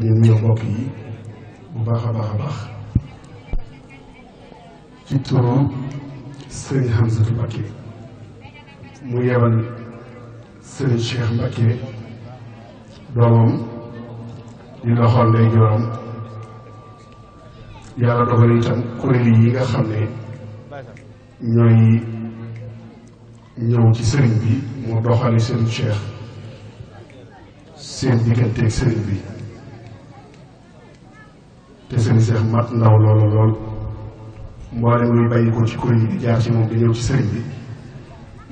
di nuyu mbokk yi bu a baax a baax ci turu sëriñ Hamsatu Mbakke mu yebal sëriñ Cheikh Mbakke doomam di loxool ndey joram yàlla dogal itam kuréel yi nga xam ne ñooy ñëw ci sëriñ bi mu doxali sëriñ Cheikh seen digganteeg sëriñ bi te sëñ Seex mat ndaw loolu lool mboolem luy bàyyi ci kuréel yi di jaar ci moom di ñëw ci sëriñ bi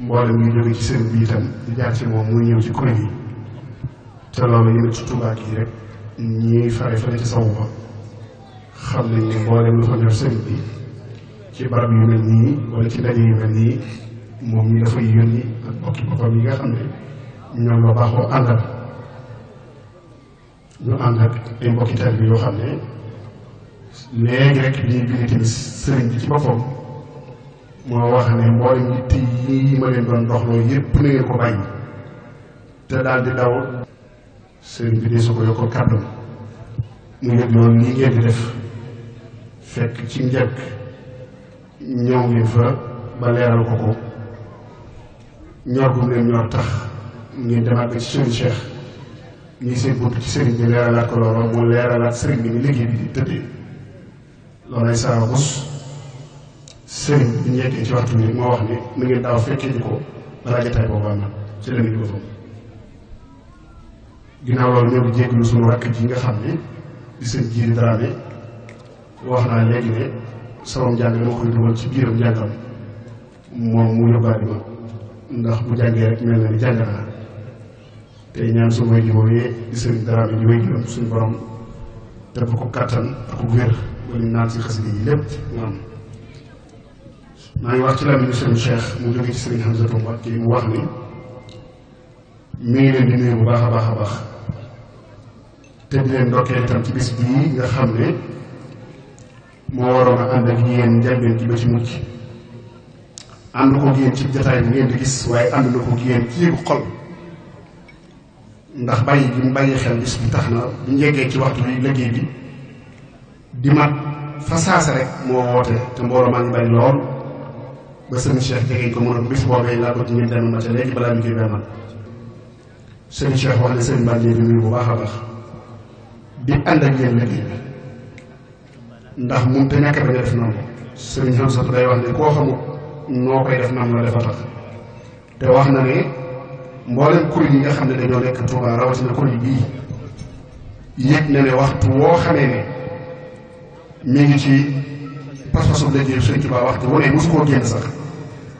mboolem luy jóge ci sëriñ bi itam di jaar ci moom muy ñëw ci kuréel yi te loolu yële ci Tuubaa yi rek ñiy fare fële ci sawu ba xam nañ ne mel nii wala ci daje yu mel nii moom ñi dafay yónni ak bokki boppam yi nga xam ne ñoom la baaxoo àndal ñu ànd ak ay mbokki taalibe yoo xam ne. léegi rek bi ñuy jógee sëriñ bi ci boppam moo wax ne mboolem nit yi ma leen doon dox loolu yëpp na ngeen ko bàyyi te daal di daw sëriñ bi de su ko yokkal kàddu mu yëg loolu nii ngeen di def fekk ci njëkk ñëw ngeen fa ba leeral ko ko ñor gum leen ñor tax sëriñ bi leeralaat liggéey bi di tëddee loolay saa bus sëriñ bi ñu yeggee ci waxtu bi moo wax ne na ngeen daaw fekkee ji ko balaa jotaay boobu am na ci la ngeen ko ginnaaw xam ne naa léegi ne sama njàng moom mu yóbbaale ma ndax bu jàngee rek mel na ni jàng naa ñaan suñu way di sëriñ Dramé di way juróom suñu borom te bu ko kattan ak wér koñ naan si xas yi lépp moom maa ngi wax ci làmmiñu sëriñ Cheikh mu jóge ci sëriñ Hamzatou Mbacké mu wax ni mi ngi leen di nuyu bu baax a baax a baax te di leen ndokkee itam ci bis bii nga xam ne moo waroon a ànd ak yéen njàngeen ji ba ci mucc ànd ko yéen ci jataay bi ngeen di gis waaye ànd na ko yéen ci yëgu xol ndax bàyyi bi mu bàyyi xel bis bi tax na bu ñu yeggee ci waxtu bi liggéey bi di mat fa saasa rek moo woote te mbooloo maa ngi bari lool ba sëriñ Cheikh ko mu ne ko bis boobee laa ko ci dem ma ca léegi balaa ñu koy bennal sëriñ Cheikh wax ne sëriñ Mbacke bu baax a baax di ànd te ñàkk bañ a def noonu sëriñ Hamsatu day wax ne koo xamut noo koy def nam la dafa tax te wax na ne mboolem kuréel yi nga xam ne dañoo nekk Touba rawatina kuréel bii yëg na ne waxtu woo xamee ne mi ngi ci pas-pasu liggéey Sëriñ Tuubaa waxtu wu ne mosu koo génn sax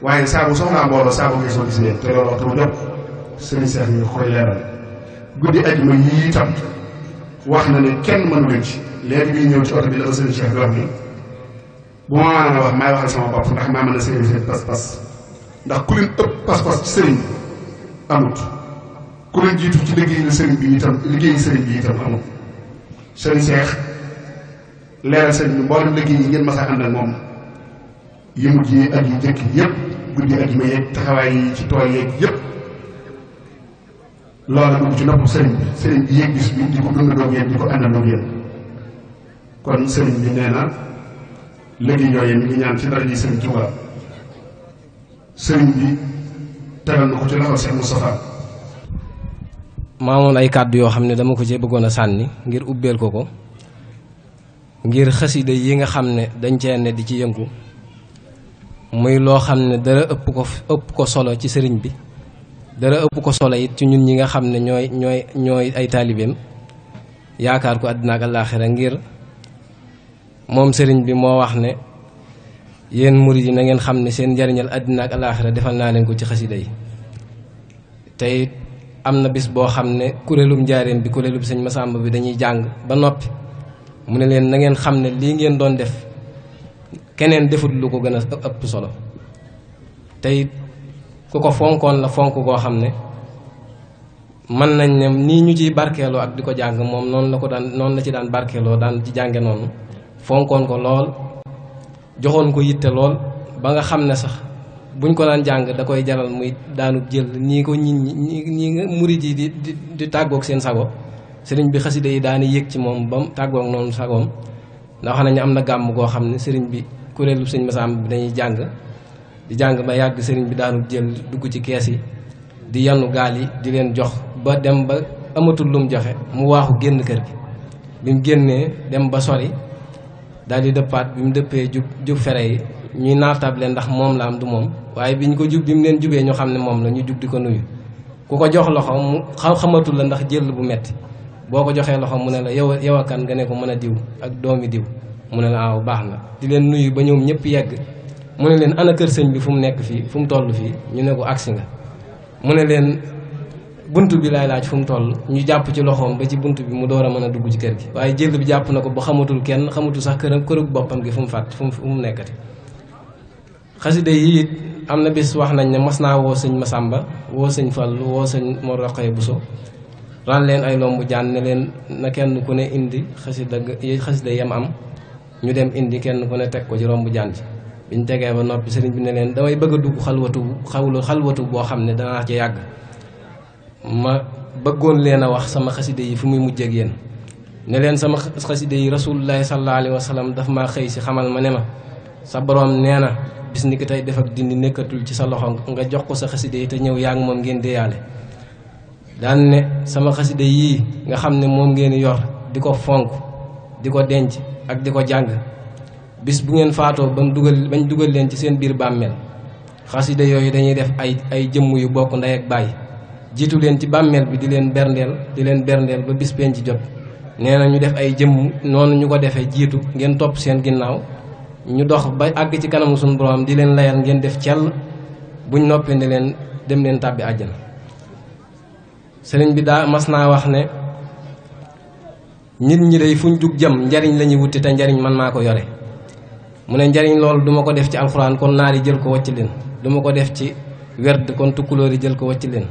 waaye saabu soxnaa mbooloo saabu ngay soo gis leen te loolu waxtu bu jot sëriñ Seex ñu koy leeral guddi ajuma yii itam wax na ne kenn mënu leen ci léegi bi ñëw ci oto bi la sëriñ Seex bi wax bu ma maanaam wax maay waxal sama bopp ndax maa mën a sëriñ seen pas-pas ndax ku ëpp pas-pas ci sëriñ amut ku jiitu ci liggéey la bi itam liggéey sëriñ bi itam amut sëriñ Seex leeral sëñ bi mboolem liggéey yi ngeen mas a ànd moom yi mujj yi ak yi jëkk yëpp guddi ak ma yeeg taxawaay yi ci tool yeeg yëpp loola dugg ci nopp sëriñ bi yéeg bis bi di ko dundandoo ngeen di ko àndandoo kon sëriñ bi nee na liggéey yooyu mi ngi ñaan ci dara ji sëriñ Tuubaa sëriñ bi tegal na ko ci loxo sëriñ Moustapha maamoon ay kàddu yoo xam ne dama ko ci bëggoon a sànni ngir ubbeel ko ko ngir xasida yi nga xamne dañ ci ne di ci yëngu muy loo xamne dara ëpp ko ëpp ko solo ci sëriñ bi dara ëpp ko solo it ci ñun ñi nga xamne ñoy ñoy ñoy ay talibem yaakar ko aduna ak àllaaxira ngir mom sëriñ bi mo wax ne yeen murid na ngeen xamne seen jarignal aduna ak àllaaxira defal na leen ko ci xasida yi tay amna bis bo xamne kurelum kuréelum bi kurelum sëñ Masamba bi dañuy jang ba noppi mu ne leen na ngeen xam ne lii ngeen doon def keneen defut lu ko gën a ëpp solo tey ku ko fonkoon la fonk koo xam ne mën nañ ne nii ñu ciy barkeeloo ak di ko jàng moom noonu la ko daan noonu la ci daan barkeeloo daan ci jànge noonu fonkoon ko lool joxoon ko yitte lool ba nga xam ne sax buñ ko daan jàng da koy jaral muy daanu jël nii ko ñi ñi ñi nga murit yi di di tàggoog seen sago sëriñ bi xasida yi daana yëg ci moom ba mu tàggoog noonu sagoom ndax wax nañu am na gàmm goo xam ne sëriñ bi kuréelu sëñ Masamba bi dañuy jàng di jàng ba yàgg sëriñ bi daanu jël dugg ci kees yi di yanu gaal yi di leen jox ba dem ba amatul lum joxe mu waaxu génn kër gi bi mu génnee dem ba sori daal di dëppaat bi mu dëppee jub jub fere yi ñuy naataab leen ndax moom la am du moom waaye bi ñu ko jub bi mu leen jubee ñu xam ne moom la ñu jub di ko nuyu ku ko jox loxo mu la ndax jël bu metti boo ko joxee loxo mu ne la yow yow a nga ne ko mën a diw ak doomi diw mu ne la aaw baax na di leen nuyu ba ñoom ñëpp yegg mu ne leen ana kër sëñ bi fu mu nekk fii fu mu toll fii ñu ne ko agsi nga mu ne leen bunt bi laay laaj fu mu toll ñu jàpp ci loxoom ba ci bunt bi mu door a mën a dugg ci kër gi waaye jël bi jàpp na ko ba xamatul kenn xamatul sax këram këru boppam gi fu mu fàtt fu mu nekkati xasida yi it am na bis wax nañ ne mas naa woo sëñ Masamba woo sëñ Fall woo sëñ Mor Roqaye Bousso ran leen ay ndombu jaan ne leen na kenn ku ne indi xasida xasida yam am ñu dem indi kenn ku ne teg ko ci rombu jaan ci ñu tegee ba noppi sëriñ bi ne leen damay bëgg a dugg xalwatu bu xawlu xalwatu boo xam ne danaa ci yàgg ma bëggoon leen a wax sama xasida yi fu muy mujjee ak yéen ne leen sama xasida yi rasulullahi sallallahu alayhi wa sallam daf maa xëy si xamal ma ne ma sa borom nee na bis ni ko tey def ak dindi nekkatul ci sa loxo nga jox ko sa xasida yi te ñëw yaa ngi moom ngeen déyaale daan ne sama xasida yi nga xam ne moom ngeen yor di ko fonk di ko denc ak di ko jàng bis bu ngeen faatoo bam mu dugal bañ dugal leen ci seen biir bàmmeel xasida yooyu dañuy def ay ay jëmm yu bokk nday ak bàyyi jiitu leen ci bàmmeel bi di leen berndeel di leen berndeel ba bis penc jot nee na ñu def ay jëmm noonu ñu ko defee jiitu ngeen topp seen ginnaaw ñu dox ba àgg ci kanamu sun borom di leen layal ngeen def cell buñ noppee ne leen dem leen tàbbi àjjana sëriñ bi daa mas naa wax ne nit ñi day fuñ jug jëm njariñ la ñuy wuti te njariñ man maa ko yore mu ne njariñ loolu duma ko def ci alxuraan kon naar yi jël ko wacc leen duma ko def ci werd kon tukkulóor yi jël ko wacc leen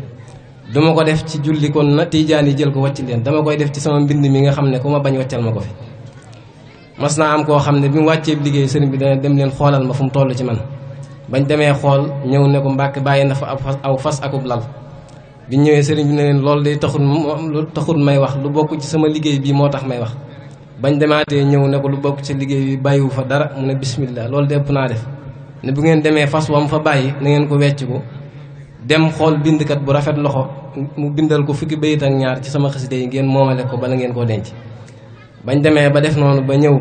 duma ko def ci julli kon na tiijaan yi jël ko wacc leen dama koy def ci sama mbind mi nga xam ne ku ma bañ waccal ma ko fi mas naa am koo xam ne bi mu wàccee liggéey sëriñ bi dana dem leen xoolal ma fu mu toll ci man bañ demee xool ñëw ne ko mbàkk bàyyi na fa aw fas akub lal bi ñëwee sëriñ bi ne leen loolu de taxul lu taxul may wax lu bokk ci sama liggéey bii moo tax may wax bañ demaatee ñëw ne ko lu bokk ci liggéey bi bàyyiwu fa dara mu ne bismillah loolu de ëpp naa def ne bu ngeen demee fas mu fa bàyyi na ngeen ko wecc ko dem xool kat bu rafet loxo mu bindal ko fukki bayit ak ñaar ci sama xasida yi ngeen moomale ko bala ngeen koo denc bañ demee ba def noonu ba ñëw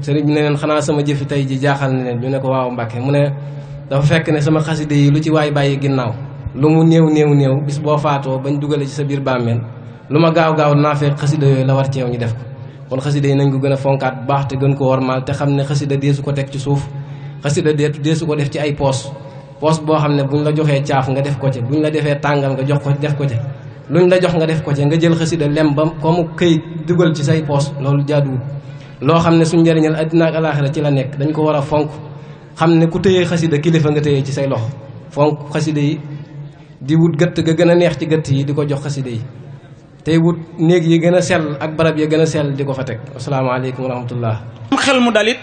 sëriñ bi ne leen xanaa sama jëfi tey ji jaaxal na leen ñu ne ko lu mu néew néew néew bis boo faatoo bañ dugale ci sa biir bàmmeel lu ma gaaw gaaw naa fekk xasida yooyu la war ci yow def ko kon xasida yi nañ ko gën a fonkaat bu baax te gën ko warmaal xam ne xasida deesu ko teg ci suuf xasida deetu deesu ko def ci ay poos poos boo xam ne buñ la joxee caaf nga def ko ci buñ la defee tàngal jox ko def ko ci la jox nga def ko ci nga jël xasida lem ba comme këy dugal ci say poos loolu jaaduwul loo xam ne suñ njëriñal àddina ak alaaxira ci la nekk dañ ko war a fonk xam ne ku téyee xasida kilifa nga téyee ci say loxo fonk xasida yi di wut gëtt ga gëna neex ci gëtt yi di ko jox xasside yi tay wut neeg yi gëna sel ak barab yi gëna sel diko di ko assalamu alaykum wa rahmatullah am xel mu dalit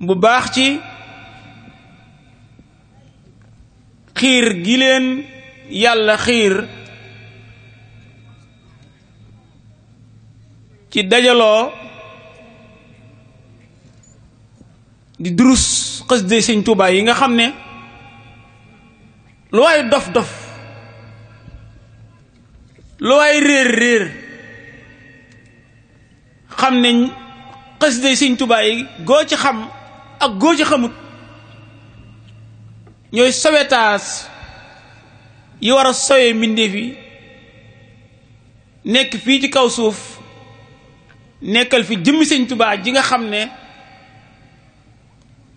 bu baax ci xir gi len yalla xir ci dajalo di durus xaside seigne tu yi nga xamne lu waay dof-dof lu waay réer-réer xam ne xasida Sëñ Tuubaa yi goo ci xam ak goo ci xamut ñooy sowetaas yi war a sowe mbindeef yi nekk fii ci kaw suuf nekkal fi jëmm Sëñ Tuubaa ji nga xam ne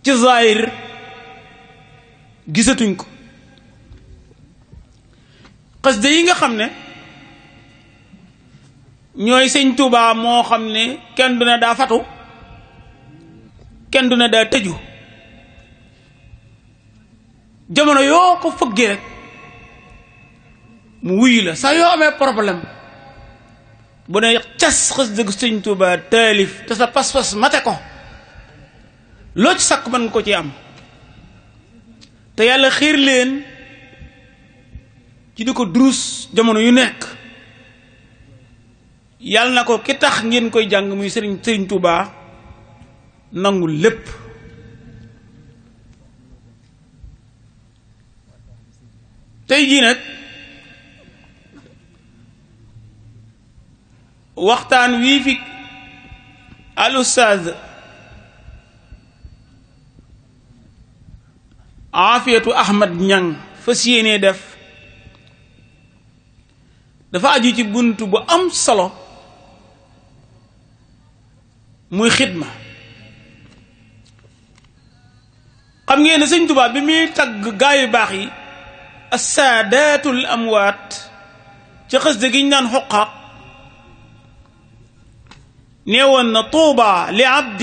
ci zaahir gisatuñ ko xasida yi nga xam ne ñooy sëñ Tuubaa moo xam ne kenn du ne daa fatu kenn du na daa tëju jamono yoo ko fëggee rek mu wuyu la sax yoo amee problème bu ne cas xas dëgg sëñ Tuubaa taalif te sa pas-pas mate ko loo ci sakk mën nga ko ci am te yàlla xiir leen ci dus drus jamono yu nek yal nako ki tax ngeen koy jang muy serigne serigne tuba nangul lepp tay ji nak waxtan wi fi al ustad afiyatu ahmad nyang fasiyene def dafa aju ci buntu bu am solo muy khidma xam ngeen ne sëñ Tuubaa bi mi tag gaay yu bax yi as-sadatul amwat ci xes de giñ nan huqa newon na touba li abd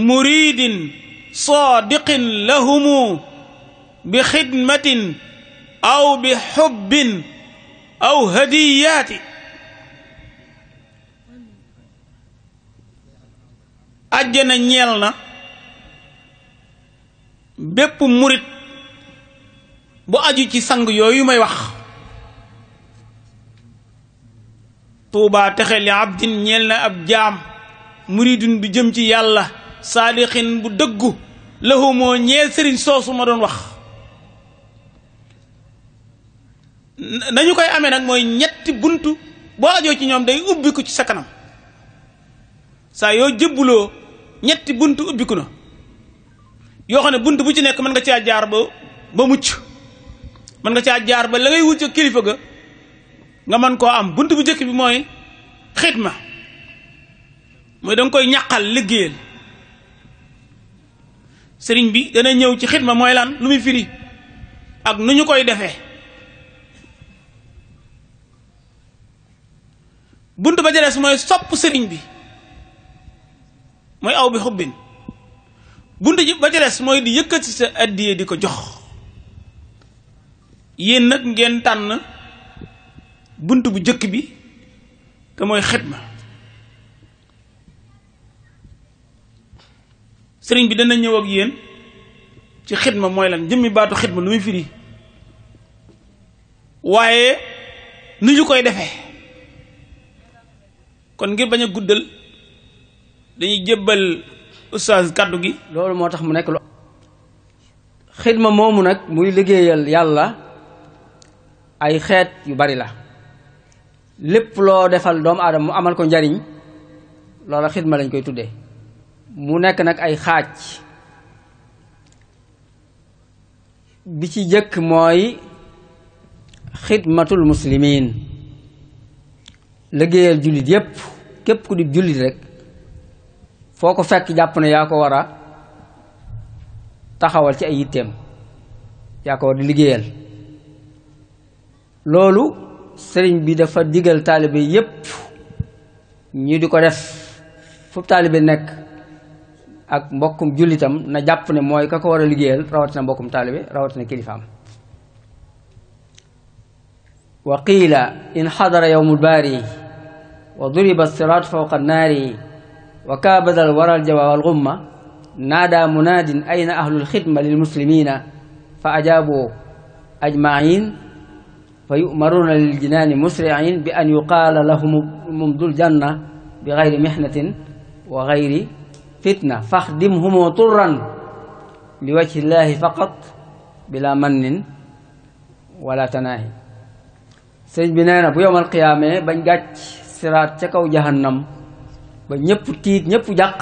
murid صادق لهم بخدمة أو بحب aw hadiyaati àjjana ñeel na bépp murit bu aju ci sang yooyu may wax tuubaa texe li abdin ñeel na ab jaam muridun bu jëm ci yàlla saadixin bu dëggu lahu moo ñeel sëriñ soosu ma doon wax nañu koy amee nag mooy ñetti buntu boo ajoo ci ñoom day ubbiku ci sa kanam saa yoo jëbbuloo ñetti bunt ubbiku na yoo xam ne bunt bu ci nekk mën nga caa jaar ba ba mucc mën nga caa jaar ba la ngay wut ca kilifa ga nga mën koo am bunt bu njëkk bi mooy xidma mooy danga koy ñàqal liggéeyal sëriñ bi dana ñëw ci xidma mooy lan lu muy firi ak nu ñu koy defee bunt ba jarees mooy sopp sëriñ bi mooy aw bi xubbin bunt ji ba jarees mooy di yëkkati sa addiye di ko jox yéen nag ngeen tànn bunt bu jëkk bi te mooy xidma sëriñ bi dana ñëw ak yéen ci xidma mooy lan jëmmi baatu xidma lu muy firi waaye nu ñu koy defe kon ngir baña guddal dañuy jébal oustaz kaddu gi loolu moo tax mu nekk lu xidma moomu nag muy liggéeyal yàlla ay xeet yu bari la lépp loo defal doomu aadama mu amal ko njariñ loola xidma lañ koy tuddee mu nekk nag ay xaaj bi ci jëkk mooy xidmatul muslimin liggéeyal jullit yépp képp ku di jullit rek foo ko fekk jàpp ne yaa ko war a taxawal ci ay yitteem yaa ko war di liggéeyal loolu sëriñ bi dafa digal taalibe yépp ñu di ko def fu taalibe nekk ak mbokkum jullitam na jàpp ne mooy ka ko war a liggéeyal rawatina mbokkum taalibe rawatina kilifaam wa qiila in xadara yowmul baari وضرب الصراط فوق النار وكابد الورى الجوى والغمة نادى مناد أين أهل الخدمة للمسلمين فأجابوا أجمعين فيؤمرون للجنان مسرعين بأن يقال لهم منذ الجنة بغير محنة وغير فتنة فاخدمهم طرا لوجه الله فقط بلا من ولا تناهي سيج بنانا بيوم القيامة بنجاتش sirat ca kaw jahannam ba ñepp tiit ñepp jaq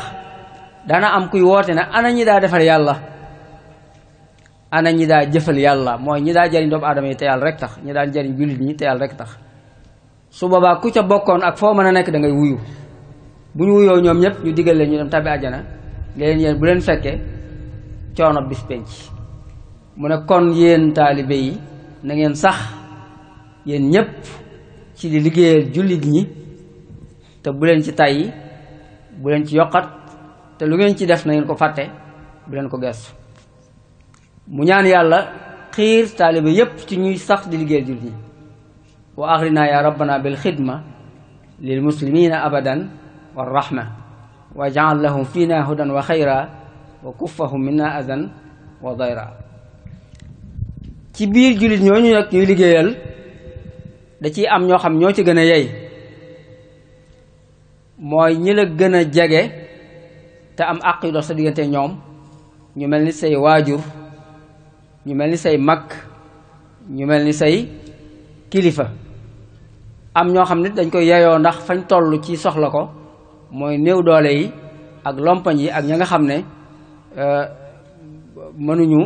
dana am kuy wote ne ana ñi da defal yalla ana ñi da jëfël yalla moy ñi da jariñ doomu aadama yi te yàlla rek tax ñi da jariñ julit ñi te yalla rek tax su baba ku ca bokkon ak fo mën nek da ngay wuyu bu ñu wuyoo ñom ñëpp ñu diggal leen ñu dem tabbi aljana leen yeen bu leen fekke coono bis penc mu ne kon yeen taalibe yi na ngeen sax yeen ñëpp ci li liggéeyal julit ñi te bu leen ci tàyyi bu leen ci yokkat te lu ngeen ci def na ngeen ko fàtte bu leen ko gestu mu ñaan yàlla xiir taalibe yépp ci ñuy sax di liggéey jur ñi wa axrina ya rabbana bil xidma lil muslimina abadan wa rahma wa lahum fina hudan wa xayra wa kuffahum minna azan wa dayra ci biir jullit ñooñu nag ñuy liggéeyal da ciy am ñoo xam ñoo ci gën a yey mooy ñi la gën a jege te am àq yu dox sa diggante ñoom ñu mel ni say waajur ñu mel ni say mag ñu mel ni say kilifa am ñoo xam ne dañ koy yeyoo ndax fañ toll ci soxla ko mooy néew doole yi ak lompañ yi ak ña nga xam ne euh, mënuñu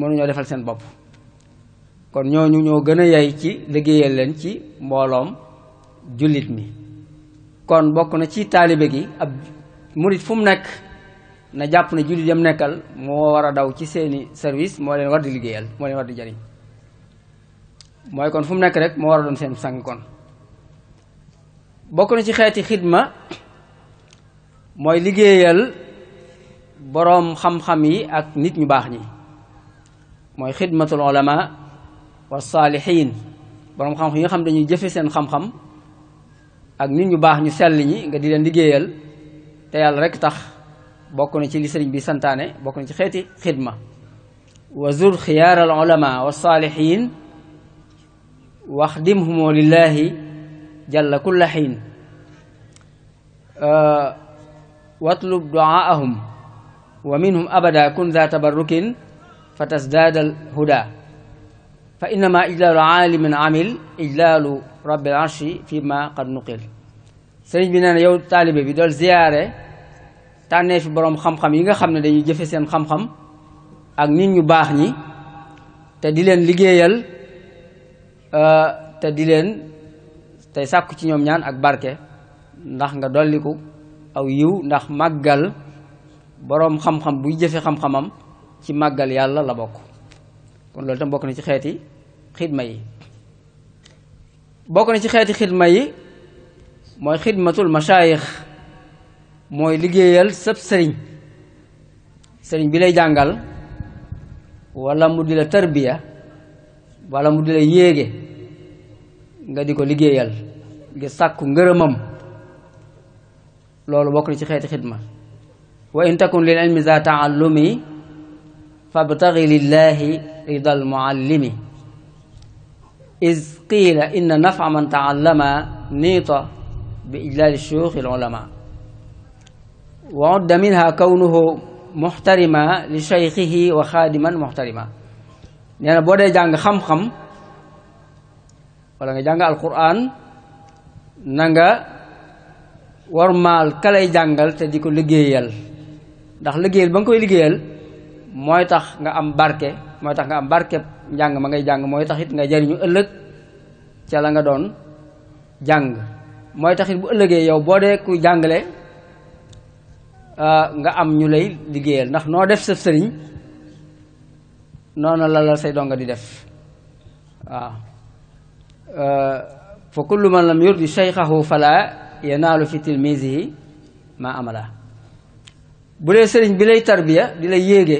mënuñoo defal seen bopp kon ñooñu ñoo gën a yay ci liggéeyal leen ci mbooloom jullit mi kon bokk na ci taalibe gi ab murit fu mu nekk na jàpp na jullit yam nekkal moo war a daw ci seeni service moo leen war di liggéeyal moo leen war di jariñ mooy kon fu mu nekk rek moo war a doon seen sang kon bokk na ci xeeti xidma mooy liggéeyal boroom xam-xam yi ak nit ñu baax ñi mooy xidmatul ulama wa saalihiin boroom xam-xam yi nga xam dañuy jëfe seen xam-xam ak nit ñu baax ñu sell ñi nga di leen liggéeyal te tax bokk na ci li sëriñ bi santaane bokk na ci xeeti xidma wa zur xiyaar al ulama wa saalihin waxdimhumoo lillaahi jalla kulla xiin watlub duaahum wa minhum abada kun za tabarrukin fa tasdaadal huda fa innama ijlaalu aalimin amil ijlaalu rabbil arshi fi ma qad nuqil sëriñ bi nee na yow taalibe bi dool ziyaare tànnee fi boroom xam-xam yi nga xam ne dañuy jëfe seen xam-xam ak nit ñu baax ñi te di leen liggéeyal euh, te di leen tey sàkku ci ñoom ñaan ak barke ndax nga dolliku aw yiw ndax màggal boroom xam-xam buy jëfe xam-xamam ci màggal yàlla la bokk kon loolu tam bokk na ci xeeti xidma yi bokk na ci xeeti xidma yi mooy xidmatul masaayix mooy liggéeyal sëb sëriñ sëriñ bi lay jàngal wala mu di la tarbiya wala mu di la yéege nga di ko liggéeyal ngir sàkku ngërëmam loolu bokk na ci xeeti xidma wa in lil ilmi za فابتغي لله رضا المعلم إذ قيل إن نفع من تعلم نيط بإجلال الشيوخ العلماء وعد منها كونه محترما لشيخه وخادما محترما لأن بودا جان خم خم ولا جان القرآن نانغا ورمال كلاي جانغال تديكو لجيل داخل لجيل بانكو لجيل mooy tax nga am barke mooy tax nga am barke njàng ma ngay jàng mooy taxit it nga jariñu ëllëg ca la nga doon jàng mooy taxit bu ëllëgee yow boo dee ku jàngale ah, nga am ñu lay liggéeyal ndax noo def sa sëriñ noonu la la say donga di def waaw ah, fa kullu man lam yurdi shaykhahu fala yanaalu fi tilmisihi ma amala bu dee sëriñ bi lay tarbiya di lay yéege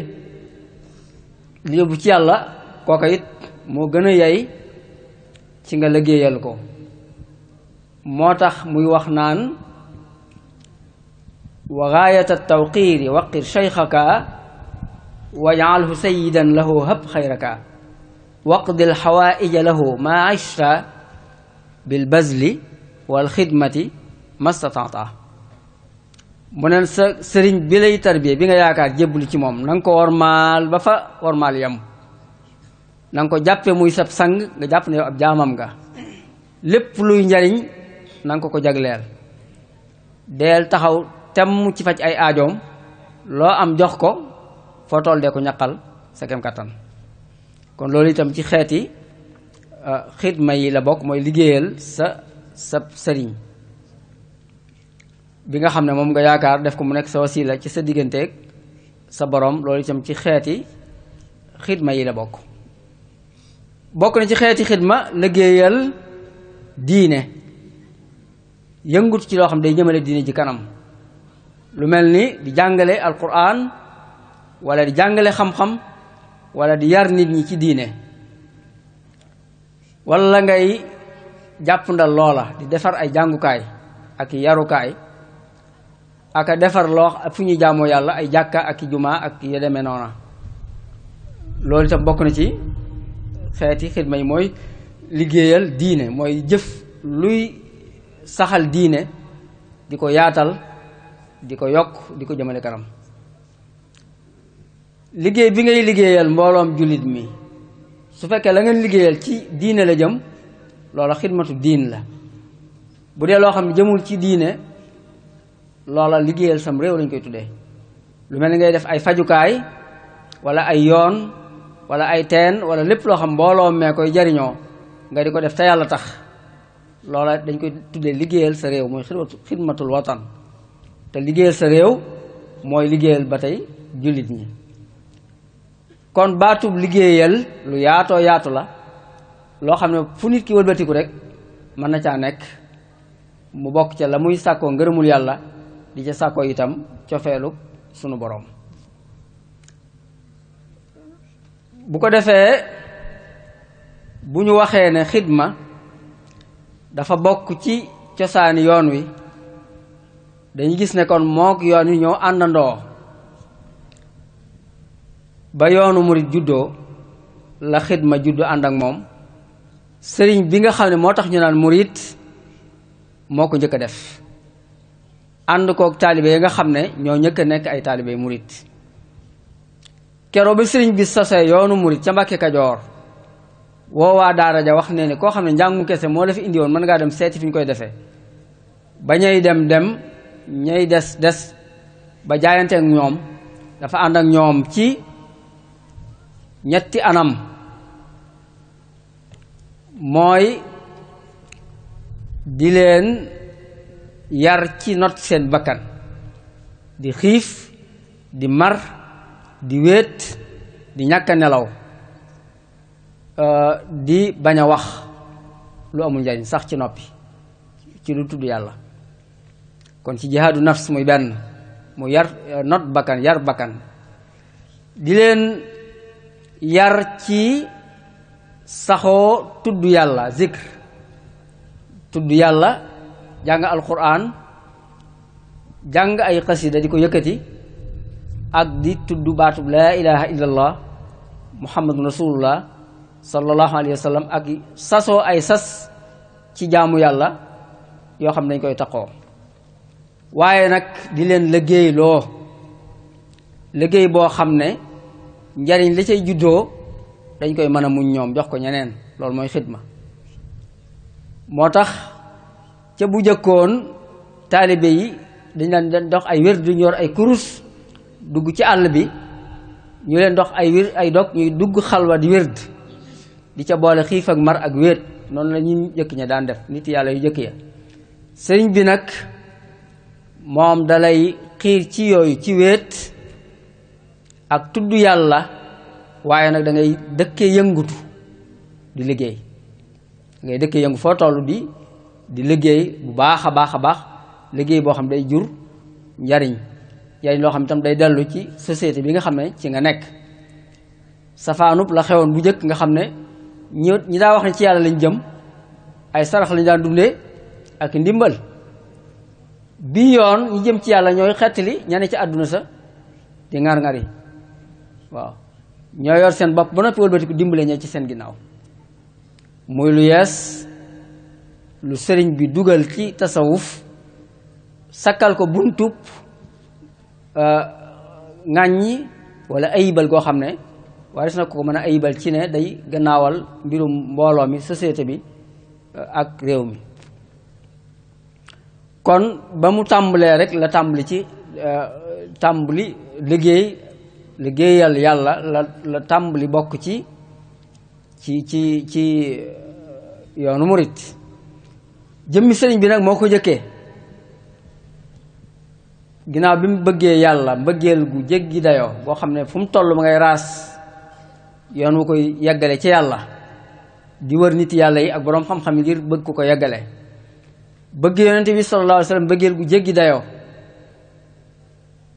li yóbbu ci yàlla kooka it moo gën a yey ci nga liggéeyal ko moo tax muy wax naan wa gaayata tawqiiri waqir sheykhaka wajcalhu sayidan lahu hab xayraka waqdi lxawaaija lahu maa ashta bilbazli walxidmati ma stataata mu ne sa sëriñ bi lay tarbiya bi nga yaakaar jébbali ci moom na nga ko wormaal ba fa wormaal yam na ko jàppe muy sab sang nga jàpp ne yow ab jaamam nga lépp luy njariñ nanga ko ko jagleel deel taxaw temm ci faj ay aajoom loo am jox ko foo tool dee ko ñaqal sa kem kattan kon loolu itam ci xeeti euh, ma yi la bokk mooy liggéeyal sa sab sëriñ bi nga xam ne moom nga yaakaar def ko mu nekk sa wasila ci sa digganteeg sa boroom loolu itam ci xeeti xidma yi la bokk bokk na ci xeeti xidma liggéeyal diine yëngut ci loo xam day jëmale diine ji kanam lu mel ni di jàngale alquran walla di jàngale xam-xam wala di yar nit ñi ci diine wala ngay jàpp ndal loola di defar ay jàngukaay ak yarukaay aka defar loo fu ñuy jàmmoo yàlla ay jàkka ak i jumaa ak ya demee noona loolu itam bokk na ci xeeti xidma yi mooy liggéeyal diine mooy jëf luy saxal diine di ko yaatal di ko yokk di ko jëmale kanam liggéey bi ngay liggéeyal mbooloom jullit mi su fekkee la ngeen liggéeyal ci diine la jëm loola xidmatu diin la bu dee loo xam jëmul ci diine loola liggéeyal sam réew lañ koy tuddee lu mel ni ngay def ay fajukaay wala ay yoon wala ay teen wala lépp loo xam mbooloo mee koy jariñoo nga di ko def te yàlla tax loola dañ koy tuddee liggéeyal sa réew mooy xidmatul watan te liggéeyal sa réew mooy liggéeyal ba tey jullit ñi kon baatub liggéeyal lu yaatoo yaatu la loo xam ne fu nit ki wëlbatiku rek mën na caa nekk mu bokk ca la muy sàkkoo ngërëmul yàlla di ca hitam itam cofeelu sunu borom bu ko defee bu ñu waxee ne xidma dafa bokk ci cosaani yoon wi dañu gis ne kon mook yoon yi ñoo àndandoo ba yoonu murit juddoo la xidma juddu ànd ak moom sëriñ bi nga xam ne moo tax ñu naan murit moo ko def ànd kook taalibe yi nga xam ne ñoo ñëkk nekk ay taalibe murit keroo ba sëriñ bi sosee yoonu murit ca Mbàkke Kajoor woowaa daara ja wax ne ni koo xam ne njàngum kese moo la fi indi woon mën ngaa dem seeti fi ñu koy defe ba ñay dem dem ñay des des ba jaayante ñoom dafa ànd ak ñoom ci ñetti anam mooy di leen yar ci not sen bakan di xif di mar di wet, di ñaka nelaw eh, di baña wax lu amu njariñ sax ci nopi ci lu tuddu yalla kon ci jihadu nafs muy ben mu yar eh, not bakan yar bakan di len yar ci saxo tuddu yalla zikr tuddu yalla jang alquran jang ay qasida diko ko ak di tuddu batu la ilaha illallah muhammadun rasulullah sallallahu alaihi wasallam, ak saso ay sas ci jaamu yalla yo xam ne koy taqoo waye nak di len liggey lo liggey bo xamne ne njariñ li cey juddo dañ koy mëna muñ jox ko ñeneen lool moy xidma motax ca bu jëkkoon taalibe yi dañ leen daan dox ay wér duñ ay kurus dugg ci àll bi ñu leen dox ay wér ay dog ñuy dugg xalwa di wérd di ca boole xiif ak mar ak wér noonu la ñu jëkk ña daan def nit yàlla yu jëkk ya sëriñ bi nag moom dalay xiir ci yooyu ci wéet ak tudd yàlla waaye nag da ngay dëkkee yëngutu di liggéey da ngay dëkkee yëngu foo toll di di liggéey bu baax a baax a baax liggéey boo xam day jur njariñ njariñ loo xam ne tam day dellu ci société bi nga xam ne ci nga nekk safaanub la xewoon bu njëkk nga xam ne ñi ñi daa wax ne ci yàlla lañ jëm ay sarax lañ daan dundee ak ndimbal bi yoon ñi jëm ci yàlla ñooy xettali ñane ci àdduna sa di ŋar-ŋar waaw ñoo yor seen bopp ba noppi wëlbatiku dimbalee ñoo ci seen ginnaaw muy lu yees lu sëriñ bi dugal ci tasawuf sakkal ko buntub euh, ŋàññi wala ayibal goo xam ne waaye na ko mën a ayibal ci ne day gannaawal mbirum mbooloo mi société bi euh, ak réew mi kon ba mu tàmbalee rek la tàmbali ci euh, tàmbali liggéey liggéeyal yàlla la la tàmbali bokk ci ci ci ci yoonu murit jëmmi sëriñ bi nag moo ko jëkkee ginnaaw bi mu bëggee yàlla mbëggeel gu jéggi dayoo boo xam ne fu mu toll ma ngay raas yoon wu koy yeggale ci yàlla di wër nit yàlla yi ak boroom xam-xam yi ngir bëgg ko ko yeggale bëgg yonente bi sallallahu alayhi wasallam mbëggeel gu jéggi dayoo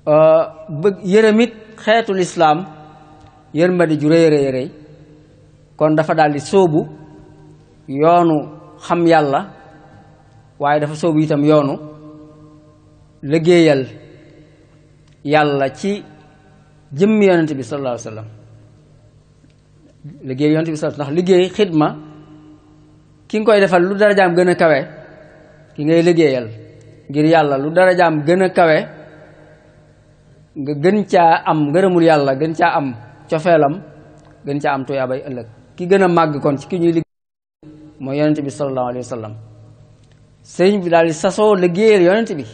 euh, bëgg yërëmit xeetu lislaam yërmande ju rëy rëy rëy kon dafa daal di sóobu yoonu xam yàlla waaye dafa soobu itam yoonu liggéeyal yàlla ci jëmmi yonent bi sallallahu liggéey yonent bi sallallahu ndax liggéey xidma ki nga koy defal lu darajaam gën a kawe ki ngay liggéeyal ngir yàlla lu darajaam gën a kawe nga gën caa am ngërëmul yàlla gën caa am cofeelam gën caa am tuyaabay ëllëg ki gën a màgg kon ci ki ñuy liggéey mooy yonent bi sallallahu alayhi wa sëriñ bi daal di sasoo liggéeyal yonent bi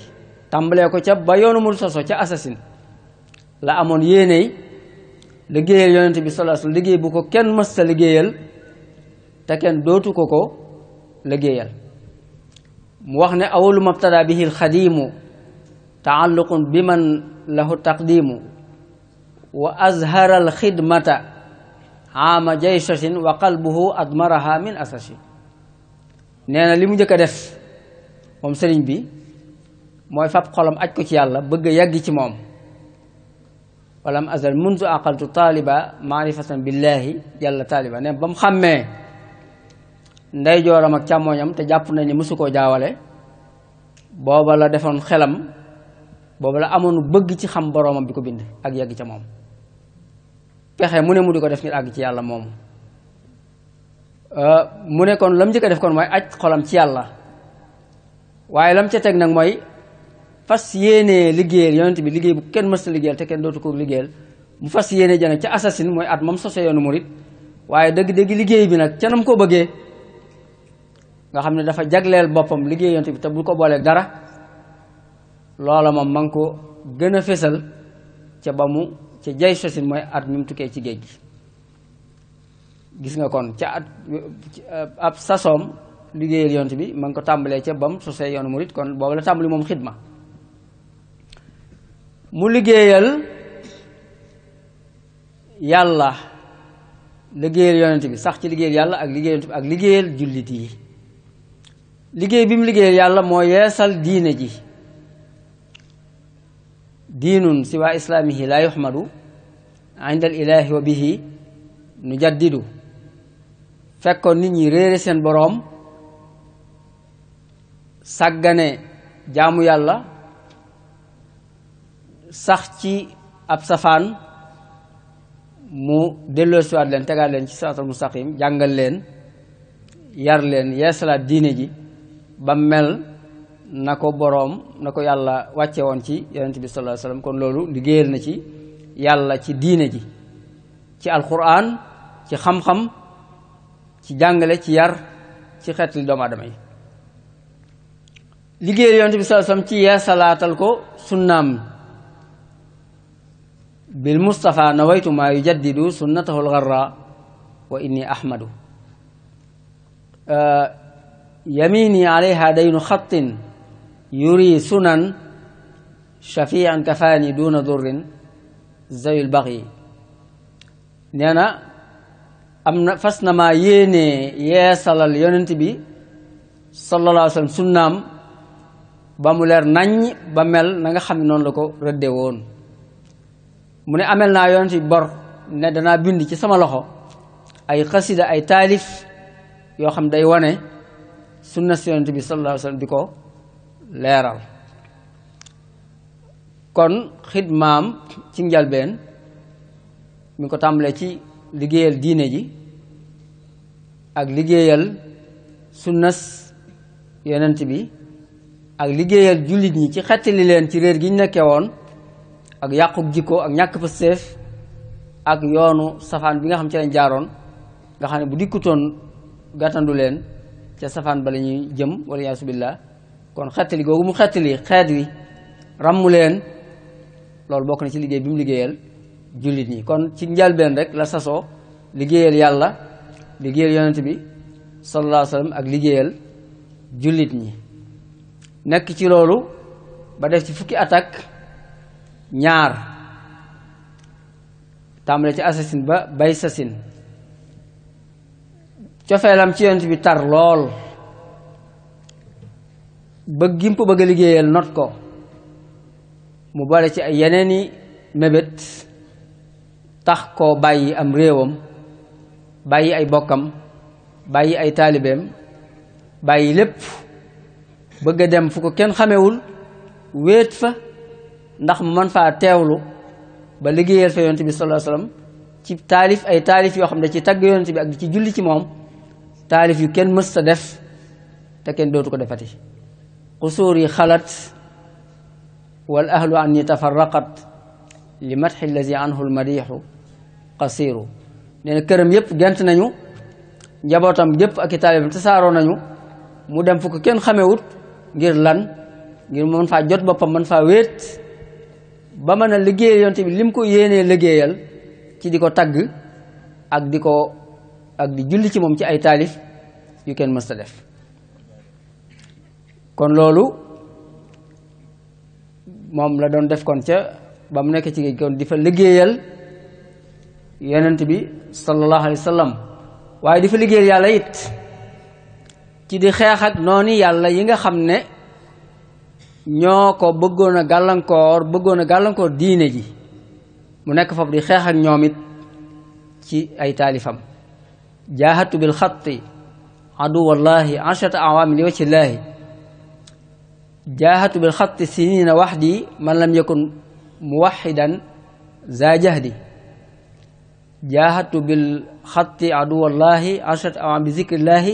tàmbalee ko ca ba yoonu mu sasoo ca assasine la amoon yéenéy liggéeyal yonent bi solaasu liggéey bu ko kenn mës sa liggéeyal te kenn dootu ko ko liggéeyal mu wax ne awalu mabtada bihi alxadiimu taalluqun bi man lahu taqdiimu wa azhara alxidmata aama jayshasin wa qalbuhu admaraha min asasin nee na li mu njëkk def mom serigne bi moy fab xolam aj ko ci yalla bëgg yagg ci mom walam azal munzu aqaltu taliba maarifatan billahi yàlla taliba ne bam xamé xàmmee ndey jooram ak chamoyam te japp nañ ni musuko koo jaawale booba la defon xelam boba la amoon bëgg ci xam boroomam bi bind ak yagg ci mom pexé euh, mu mu diko def ni ag ci yalla mom euh ne kon lam def kon aj xolam ci yalla waaye lam ca teg nag mooy fas yéenee liggéeyal yonent bi liggéey bu kenn mës na liggéeyal te kenn dootu ko liggéeyal mu fas yéene ja nag ca assasine mooy at moom sosee yoonu murit waaye dëgg-dëgg liggéey bi nag ca nam ko bëggee nga xam ne dafa jagleel boppam liggéey yonent bi te bul ko booleeg dara loola moom ma ngi ko gën a fésal ca ba mu ca jay sosin mooy at mi mu tukkee ci géej gi gis nga kon ca at ab sasoom liggéeyal yonent bi ma ko tàmbalee ca bam sosee yoonu murit kon boobu la tàmbali moom xidma mu liggéeyal yàlla liggéeyal yonent bi sax ci liggéeyal yàlla ak liggéeyal yonent bi ak liggéeyal jullit yi liggéey bi mu liggéeyal yàlla moo yeesal diine ji diinun si waa islaamihi laa inda ilaahi wa bihi nu jaddidu nit ñi réere seen boroom sàggane jaamu yàlla sax ci ab safaan mu delloosiwaat leen tegaat leen ci siraatal mustaqim jàngal leen yar leen yeesalaat diine ji ba mel na ko boroom na ko yàlla wàcce woon ci yonent bi sallallahu alayhi kon loolu liggéeyal na ci yàlla ci diine ji ci alquran ci xam-xam ci jàngale ci yar ci xeetli doomu aadama yi liggéeyal yonent bi sallallahu alayhi wasallam ci yeesalaatal ko sunnaam bil mustafa nawaytu maa yujaddidu sunnatahu lgarra wa inni ahmadu yamini alayha daynu xattin yuri sunan shafian kafaani duna durrin zayul baxi nee na am na fas na maa yéenee yeesalal yonent bi sallallahu alayhi wasallam sunnaam ba mu leer naññ ba mel na nga xam ne noonu la ko rëdde woon mu ne amel naa yonent bi bor ne danaa bind ci sama loxo ay xasida ay taalif yoo xam day wane sunna si yonent bi sallallahu alayhi wa sallam leeral kon xidmaam ci njalbeen mi ko tàmbalee ci liggéeyal diine ji ak liggéeyal sunnas yonent bi ak liggéeyal jullit ñi ci xettali leen ci réer gi ñu nekkee woon ak yàquk jikko ak ñàkk fa seef ak yoonu safaan bi nga xam ci lañ jaaroon nga xam ne bu dikkutoon gàttandu leen ca safaan ba lañuy jëm wala yaasu billah kon xettali googu mu xettali xeet wi ràmm leen loolu bokk na ci liggéey bi mu liggéeyal jullit ñi kon ci njalbeen rek la sasoo liggéeyal yàlla liggéeyal yonent bi sallallahu alayhi ak liggéeyal jullit ñi nekk ci loolu ba def ci fukki attaque ñaar tàmbale ci assassin ba bay sasin cofeelam ci yonent bi tar lool bëgg gi mu ko bëgg liggéeyal not ko mu boole ci ay yeneeni mébét tax ko bàyyi am réewam bàyyi ay bokkam bàyyi ay taalibeem bàyyi lépp bëgg a dem fu ko kenn xamewul wéet fa ndax mu mën faa teewlu ba liggéeyal fa yonent bi sallallahu alayhi wasallam ci taalif ay taalif yoo xam ne ci tagg yonent bi ak di ci julli ci moom taalif yu kenn mës sa def te kenn dootu ko defati qusuur yi xalat wal ahlu anni tafarraqat li matxi allazi anhu lmadixu qasiru nee na këram yépp gent nañu njabootam yépp ak i taalibam tasaaroo nañu mu dem fu ko kenn xamewut ngir lan ngir mën faa jot boppam man faa wéet ba mën a liggéey yonte bi lim ko yéenee liggéeyal ci di ko tagg ak di ko ak di julli ci moom ci ay taalif yu kenn mës ta def kon loolu moom la doon def kon ca ba mu nekk ci géej kon di fa liggéeyal yonent bi sallallahu alayhi wa waaye di fa liggéeyal yàlla it ci di xeex ak noonu yàlla yi nga xam ne ñoo ko bëggoon a gàllankoor bëggoon diine ji mu nekk foofu di xeex ak ñoom ci ay taalifam jaahatu bil xatti adu wallahi ashata awaamin li wajhillaahi jaahatu bil xatti sinina waxdi man lam yakun muwaxidan za jahdi jaahatu bil xatti adu wallahi ashata awaamin bi zikrillaahi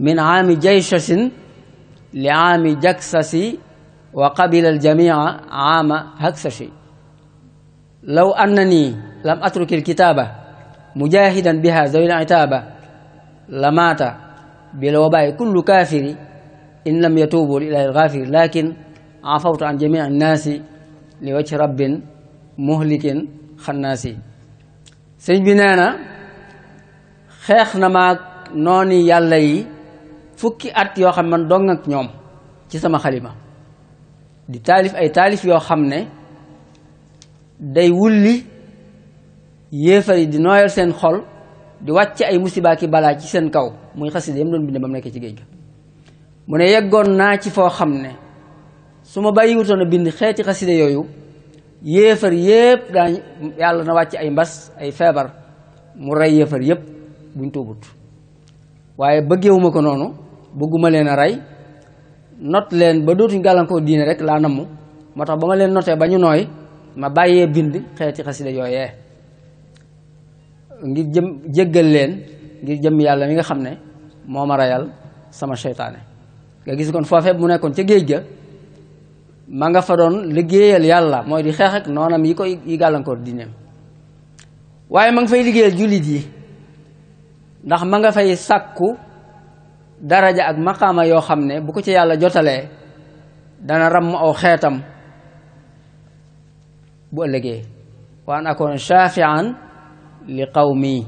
من عام جيشس لعام جكسس وقبل الجميع عام هكسش لو أنني لم أترك الكتابة مجاهدا بها ذوي العتابة لمات بالوباء كل كافر إن لم يتوبوا إلى الغافر لكن عفوت عن جميع الناس لوجه رب مهلك خناس سيدنا خيخنا ماك نوني يالي fukki at yoo xam man dong ak ñoom ci sama xalima di taalif ay taalif yoo xam ne day wulli yéefar yi di nooyal seen xol di wàcc ay musiba ki balaa ci seen kaw muy xasida yam doon bind ba mu nekk ci géej ga mu ne yeggoon naa ci foo xam ne su ma bàyyiwutoon a bind xeeti xasida yooyu yéefar yépp daañ yàlla na wàcc ay mbas ay feebar mu rey yéefar yépp buñ tuubut waaye bëggeewuma ko noonu bëgguma leen a rey not leen ba dootuñ gàllankoor diine rek laa namm moo tax ba ma leen notee ba ñu nooy ma bàyyee bind xeeti xasida yooyee ngir jëm jéggal leen ngir jëm yàlla mi nga xam ne moo ma reyal sama seytaane nga gis kon foofee mu nekkoon ca géej ga ma nga fa doon liggéeyal yàlla mooy di xeexak noonam yi koy yi gàllankoor diineem waaye ma nga fay liggéeyal jullit yi ndax ma nga fay sàkku daraja ak maqaama yoo xam ne bu ko ci yàlla jotalee dana ramm aw xeetam bu ëllëgee wa an akoon shafian li qawmi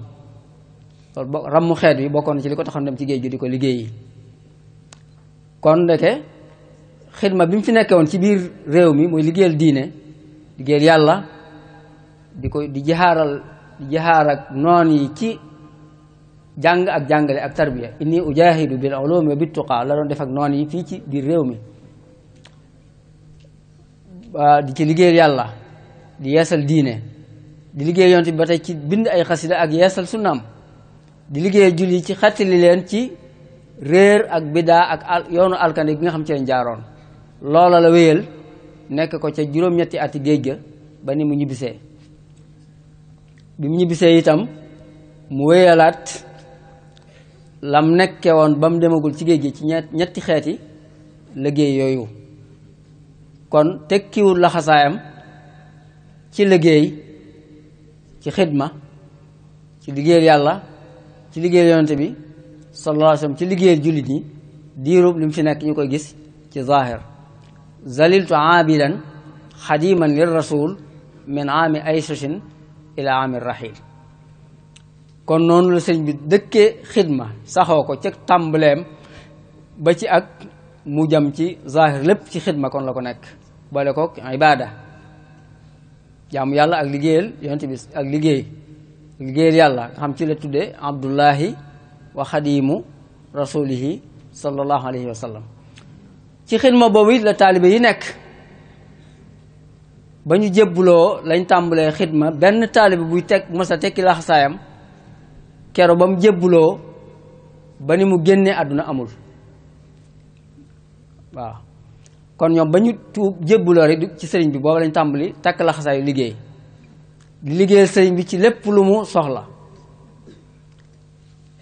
loolu bo xeet bi bokkoon ci li ko taxoon dem ci géej gi di ko liggéeyi kon ndeke xidma bi mu fi nekkee woon ci biir réew mi muy liggéeyal diine liggéeyal yàlla di ko di jihaaral di ak noon yi ci jàng ak jàngale ak tarbiya inni ujahidu bil ulumi wa bittuqa la doon def ak noon yi fii ci biir réew mi di ci liggéeyal yàlla di yeesal diine di liggéeyal yonent bi ba tey ci bind ay xasida ak yeesal sunnaam di liggéeyal jul ci xattali leen ci réer ak bidaa ak yoonu alkande gi nga xam ci lañ jaaroon loola la wéyal nekk ko ca juróom-ñetti ati géej ga ba ni mu ñibbisee bi mu ñibbisee itam mu wéyalaat lam nekke woon ba mu demagul ci géej gi ci ñetti xeeti liggéey yooyu kon tekkiwul laxasaayam ci liggéey ci xidma ci liggéeyal yàlla ci liggéeyal yonante bi sallallahu alayhi wasallam ci liggéeyal jullit yi diirub li mu fi nekk ñu ko gis ci zaahir zaliltu aabidan xadiman lir rasul min aami aysasin ila aami rahil kon noonu la sëñ bi dëkkee xidma saxoo ko ca tàmbaleem ba ci ak mu jam ci zahir lépp ci xidma kon la ko nekk boole ko ibada jaamu yàlla ak liggéeyal yonent bi ak liggéey liggéeyal yàlla xam ci la tudde abdullahi wa xadimu rasulihi sallallahu alayhi wa sallam ci xidma boobu it la taalibe yi nekk ba ñu jébbuloo lañ tàmbalee xidma benn taalibe buy teg masa tekki laxasaayam kero bam jebulo bani mu aduna amul wa kon ñom bañu tu tuub rek ci sëriñ bi boba lañ tambali tak la xasaayu liggéey liggéeyal sëriñ bi ci lépp lu mu soxla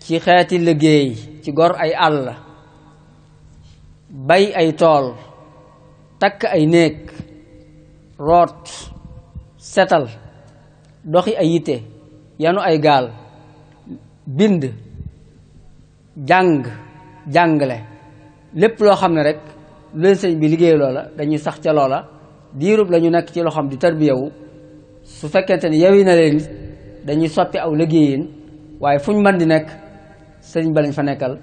ci xéati liggéey ci gor ay alla bay ay tol, tak ay nek rot setal doxi ay yité yanu ay gal bind jang, jangale lepp lo xamne rek lu leen bi liggey lola dañuy sax ci lola diirub lañu nek ci loo xam di tarbiyaw su fekkete ni yawi na len dañuy soppi aw liggéeyin waye fuñ man di nek sëriñ ba lañ fa nekkal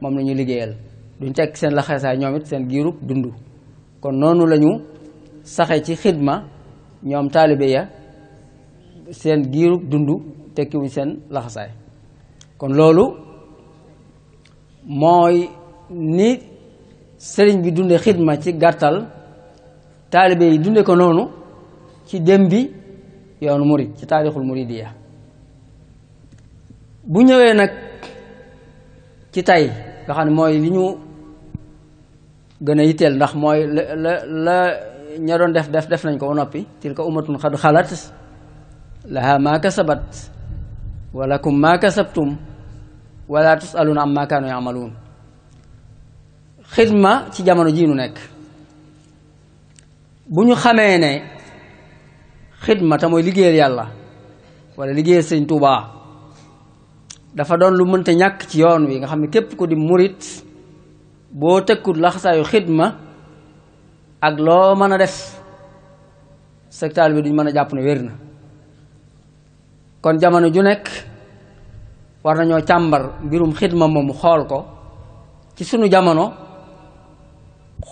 mom lañu liggeyal duñ tek seen la ñomit seen giirub dundu kon nonulanyu, lañu saxé ci xidma ñom talibé ya seen giirub seen kon loolu mooy ni sëriñ bi dunde xidma ci gàttal taalibe yi dunde ko noonu ci dem bi yoonu murid ci taarixul muridiya bu ñëwee nag ci tey nga xam ne mooy li ñu gën a yitteel ndax mooy la la la def def def nañ ko ba noppi tilka ummatun xad xalat laha maa kasabat wa lakum maa wala tusaluuna amma kaanu yaamaluun xidma ci jamono jii nu nekk bu ñu xamee ne xidma te mooy liggéeyal yàlla walla liggéeyal sëñ Tuubaa dafa doon lu mënta ñàkk ci yoon wi nga xam ne képp ku di murit boo tëkkut laxasaayu xidma ak loo mën a def secteur bi duñ mën a jàpp ne wér na kon jamono ju nekk war nañoo càmbar mbirum xidma moomu xool ko ci suñu jamono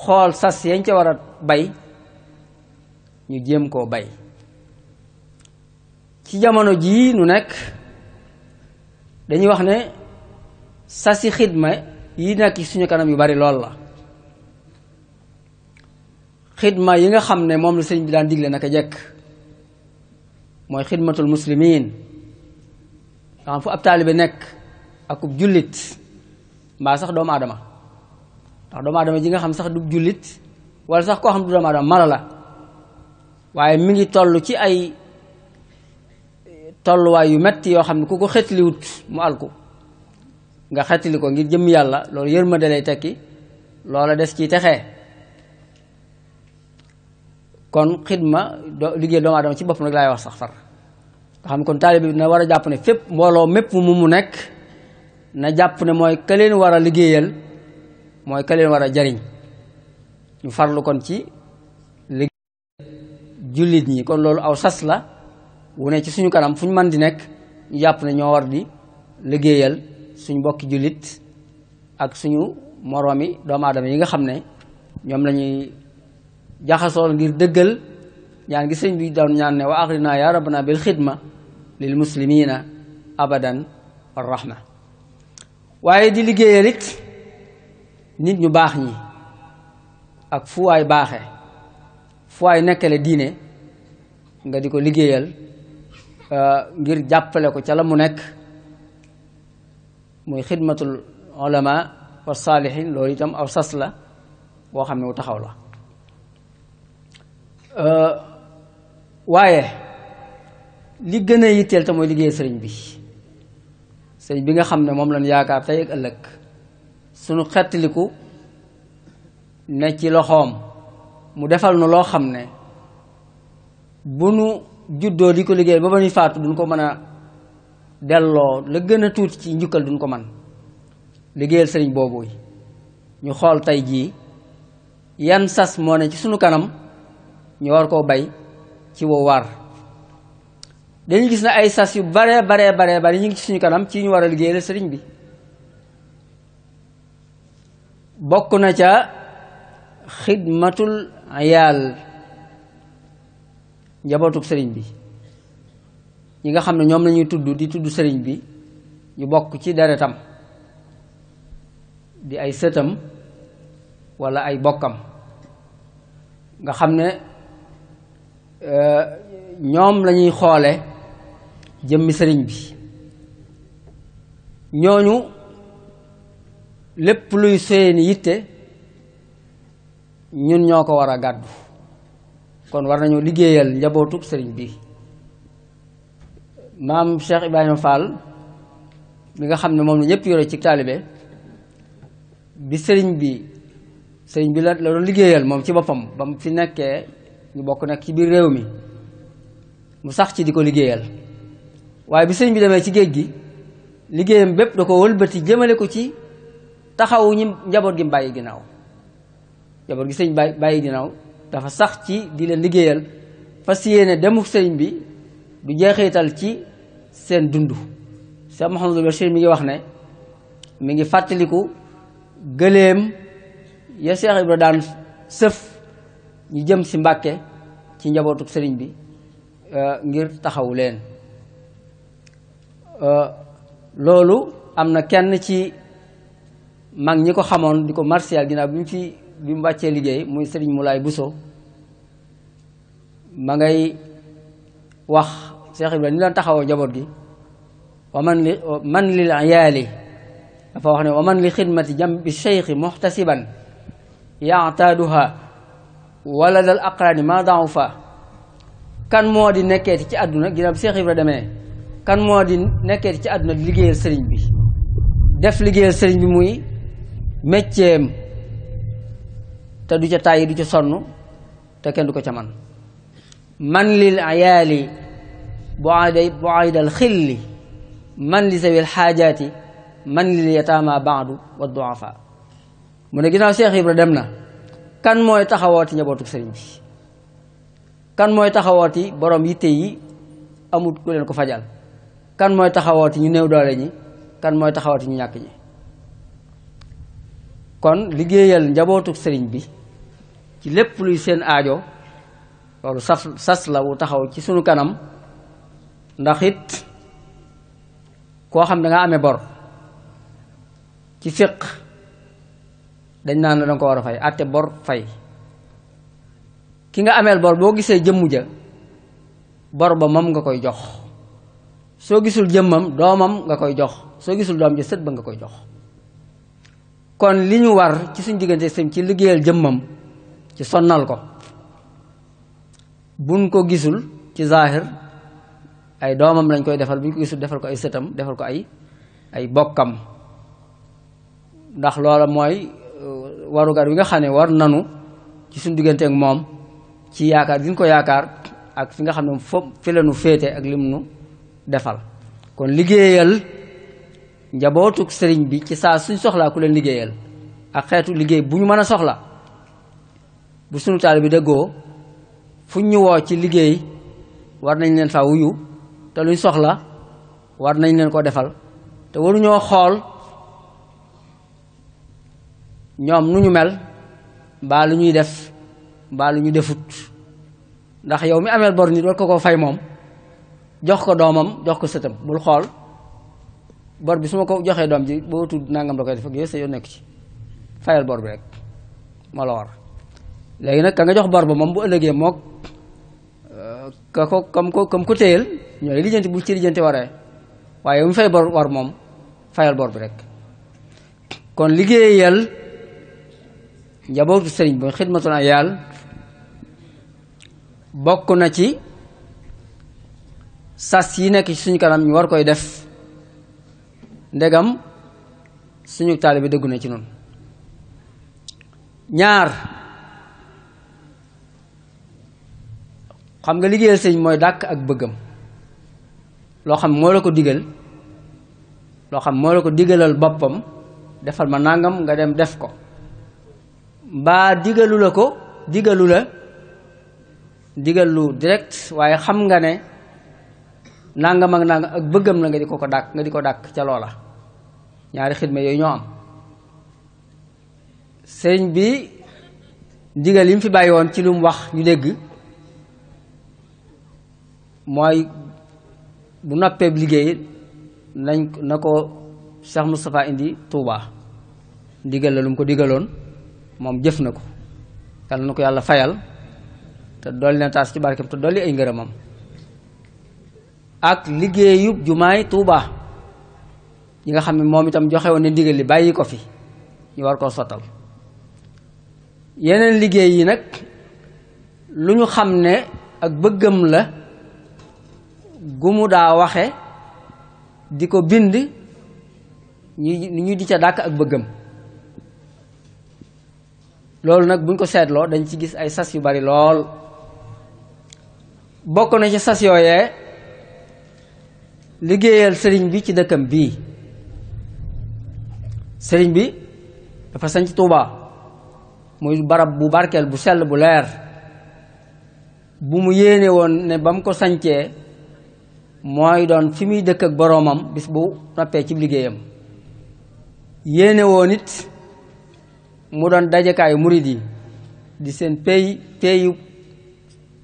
xool sas yañ ca war a bay ñu jéem koo bay ci jamono jii nu nekk dañuy wax ne sasi xidma yi nekk suñu kanam yu bari lool la xidma yi nga xam ne moom la sëñ bi daan digle naka jekk mooy xidmatul muslimin nga xam fu ab akub jullit mbaa sax doomu aadama ndax doomu ji nga xam sax du jullit wala sax koo xam du doomu aadama la waaye mi ngi toll ci ay tolluwaay yu metti yoo xam ne ku ko xetliwut mu alku nga ko ngir jëm yàlla loolu yërmande lay tekki loola des ci texee kon xidma liggéey doomu aadama ci bopp nag laay wax sax far xam kon taalibe bi na war a jàpp ne fépp mbooloo mépp mu mu nekk na jàpp ne mooy ka leen war a liggéeyal mooy ka leen war a jariñ ñu farlu kon ci liggéey jullit ñi kon loolu aw sas la wu ne ci suñu kanam fu ñu mën di nekk ñu jàpp ne ñoo war di liggéeyal suñu bokki jullit ak suñu moroomi doomu aadama yi nga xam ne ñoom lañuy jaxasool ngir dëggal ñaan gi sëñ bi doon ñaan ne wa axrina ya rabbana bil xidma lil muslimina abadan ar rahma waaye di liggéeyal it nit ñu baax ñi ak fu waay baaxe fu waay nekkale diine nga di ko liggéeyal uh, ngir jàppale ko ca la mu nekk muy xidmatul ulama wa saalihin loolu itam aw sas la boo xam ne wu taxaw la uh, waaye li gën a yitteel te mooy liggéey sëriñ bi sëriñ bi nga xam ne moom lañ yaakaar tey ak ëllëg sunu xettaliku ne ci loxoom mu defal nu loo xam ne bu nu juddoo di ko liggéeyal ba ba ñuy faatu duñ ko mën a delloo la gën a tuuti ci njukkal duñ ko man liggéeyal sëriñ boobu ñu xool tey jii yan sas moo ne ci sunu kanam ñu war koo bay ci wowaar dañu gis na ay sas yu bare bare bare bare ñu ngi ci suñu kanam ci ñu war a liggéeyal sëriñ bi bokk na ca xidmatul ayaal njabootug sëriñ bi ñi nga xam ne ñoom lañuy tudd di tudd sëriñ bi ñu bokk ci deretam di ay sëtam walla ay bokkam nga xam ne Euh, ñoom lañuy xoole jëmmi sëriñ bi ñooñu lépp luy soyeeni yitte ñun ñoo ko war a gàddu kon war nañu liggéeyal njabootu sëriñ bi maam Cheikh Ibrahima Fall mi nga xam ne moom la ñëpp yore ci taalibe bi sëriñ bi sëriñ bi la la doon liggéeyal moom ci boppam ba mu fi nekkee ñu bokk nekk ci biir réew mi mu sax ci di ko liggéeyal waaye bi sëñ bi damay ci géej gi liggéeyam bépp da ko wëlbati jëmale ko ci taxawu ñi njaboot gi mu bàyyi ginnaaw njaboot gi sëñ bàyyi bàyyi ginnaaw dafa sax ci di leen liggéeyal fas yéene demu sëñ bi du jeexital ci seen dund Cheikh Mouhamadul Bachir mi ngi wax ne mi ngi fàttaliku gëléem ya Cheikh Ibra daan sëf ñu jëm si Mbàkke ci njabootu sëriñ bi euh, ngir taxawu leen euh, loolu am na kenn ci mag ñi ko xamoon di ko martial ginnaaw bi mu fi bi mu wàccee liggéey muy sëriñ Moulay Bousso ma ngay wax Cheikh Ibrahima ni leen taxawoo njaboot gi wa man li man lil dafa wax ne wa man li xidmati jam bi cheikhi muxtasiban yaataaduha ولد الأقران ما ضعفا كان موادي نكيت كي أدنى جرب سيخي بردمي كان موادي نكيت كي أدنى لجيل سرين بي دف لجيل سرين موي متيم تدوجة تاي دوجة صرنو تكن دوكا تمان من للعيال بعيد بعيد الخل من لذوي الحاجات من لليتامى بعد والضعفاء من جنا سيخي بردمنا kan mooy taxawooti njabootu sëriñ bi kan mooy taxawooti boroom yitte yi amut ku leen ko fajal kan mooy taxawooti ñu new doole ñi kan mooy taxawooti ñu ñàkk ñi kon liggéeyal njabootu sëriñ bi ci lépp luy seen aajo loolu sas sas la wu taxaw ci sunu kanam ndax koo xam da nga amee bor ci fiq dañ naan la danga ko war a fay àtte bor fay ki nga ameel bor boo gisee jëmm ja bor ba moom nga koy jox soo gisul jëmmam doomam nga koy jox soo gisul doom ja sët ba nga koy jox kon li ñu war ci suñ diggante sëm ci liggéeyal jëmmam ci sonnal ko buñ ko gisul ci zaahir ay doomam lañ koy defal buñ ko gisul defal ko ay sëtam defal ko ay ay bokkam ndax loola mooy Euh, warugar wi nga xam ne war nanu ci suñ diggante ak moom ci yaakaar gi ñu ko yaakaar ak fi nga xam ne fo fi la nu féete ak lim nu defal kon liggéeyal njabootu sëriñ bi ci saa suñ soxlaa ku leen liggéeyal ak xeetu liggéey bu ñu mën a soxla bu sunu taal bi déggoo fu ñu woo ci liggéey war nañ leen fa wuyu te luñ soxla war nañ leen koo defal te waruñoo xool ñoom nu ñu mel baa lu ñuy def baa lu ñu defut ndax yow mi ameel bor nit war ko koo fay moom jox ko doomam jox ko sëtam bul xool bor bi su ma ko joxee doom ji boo tudd nangam la koy def ak yooyu sa yoon nekk ci fayal bor bi rek moo la war léegi nag ka nga jox bor ba moom bu ëllëgee mook euh, ka ko kam ko kam ko téyel ñooy lijjanti bu ci lijjanti waree waaye mu fay bor war moom fayal bor bi rek kon liggéeyal njabootu sëriñ ba xidmatul ayaal bokk na ci sas yi nekk ci suñu kanam ñu war koy def ndegam suñu taalibe dëggu na ci noonu ñaar xam nga liggéeyal sëriñ mooy dàkk ak bëggam loo xam moo la ko digal loo xam moo la ko digalal boppam defal ma nàngam nga dem def ko mbaa digalu la ko digalu la digalu direct waaye xam nga ne nangam ak nangam ak bëggam la nga di ko ko dàkk nga di ko dàkk ca loola ñaari xidma yooyu ñoo am sëñ bi digal yi mu fi bàyyi woon ci lu mu wax ñu dégg mooy bu noppeeb liggéey nañ na ko Cheikh Moustapha indi Touba ndigal la lu mu ko digaloon mom jëf nako kan nako yalla fayal te dol na tass ci barkam te doli ay ngeeramam ak liggéeyub jumaay touba yi nga xamni mom itam joxe woon ndigal li ko fi ñu war ko sotal yeneen liggéey yi nag lu ñu ne ak bëggam la gu mu daa waxe di ko bind ñu ñu di ca dàkk ak bëggam loolu nag buñ ko seetloo dañ ci gis ay sas yu bari lool bokk na ci sas yooyee liggéeyal sëriñ bi ci dëkkam bii sëriñ bi dafa sañ ci muy barab bu barkeel bu sell bu leer bu mu yéene woon ne ba mu ko sañcee mooy doon fi muy dëkk ak boroomam bis bu noppee ci liggéeyam yéene woon it mu doon dajekaayu murid yi di seen pay payu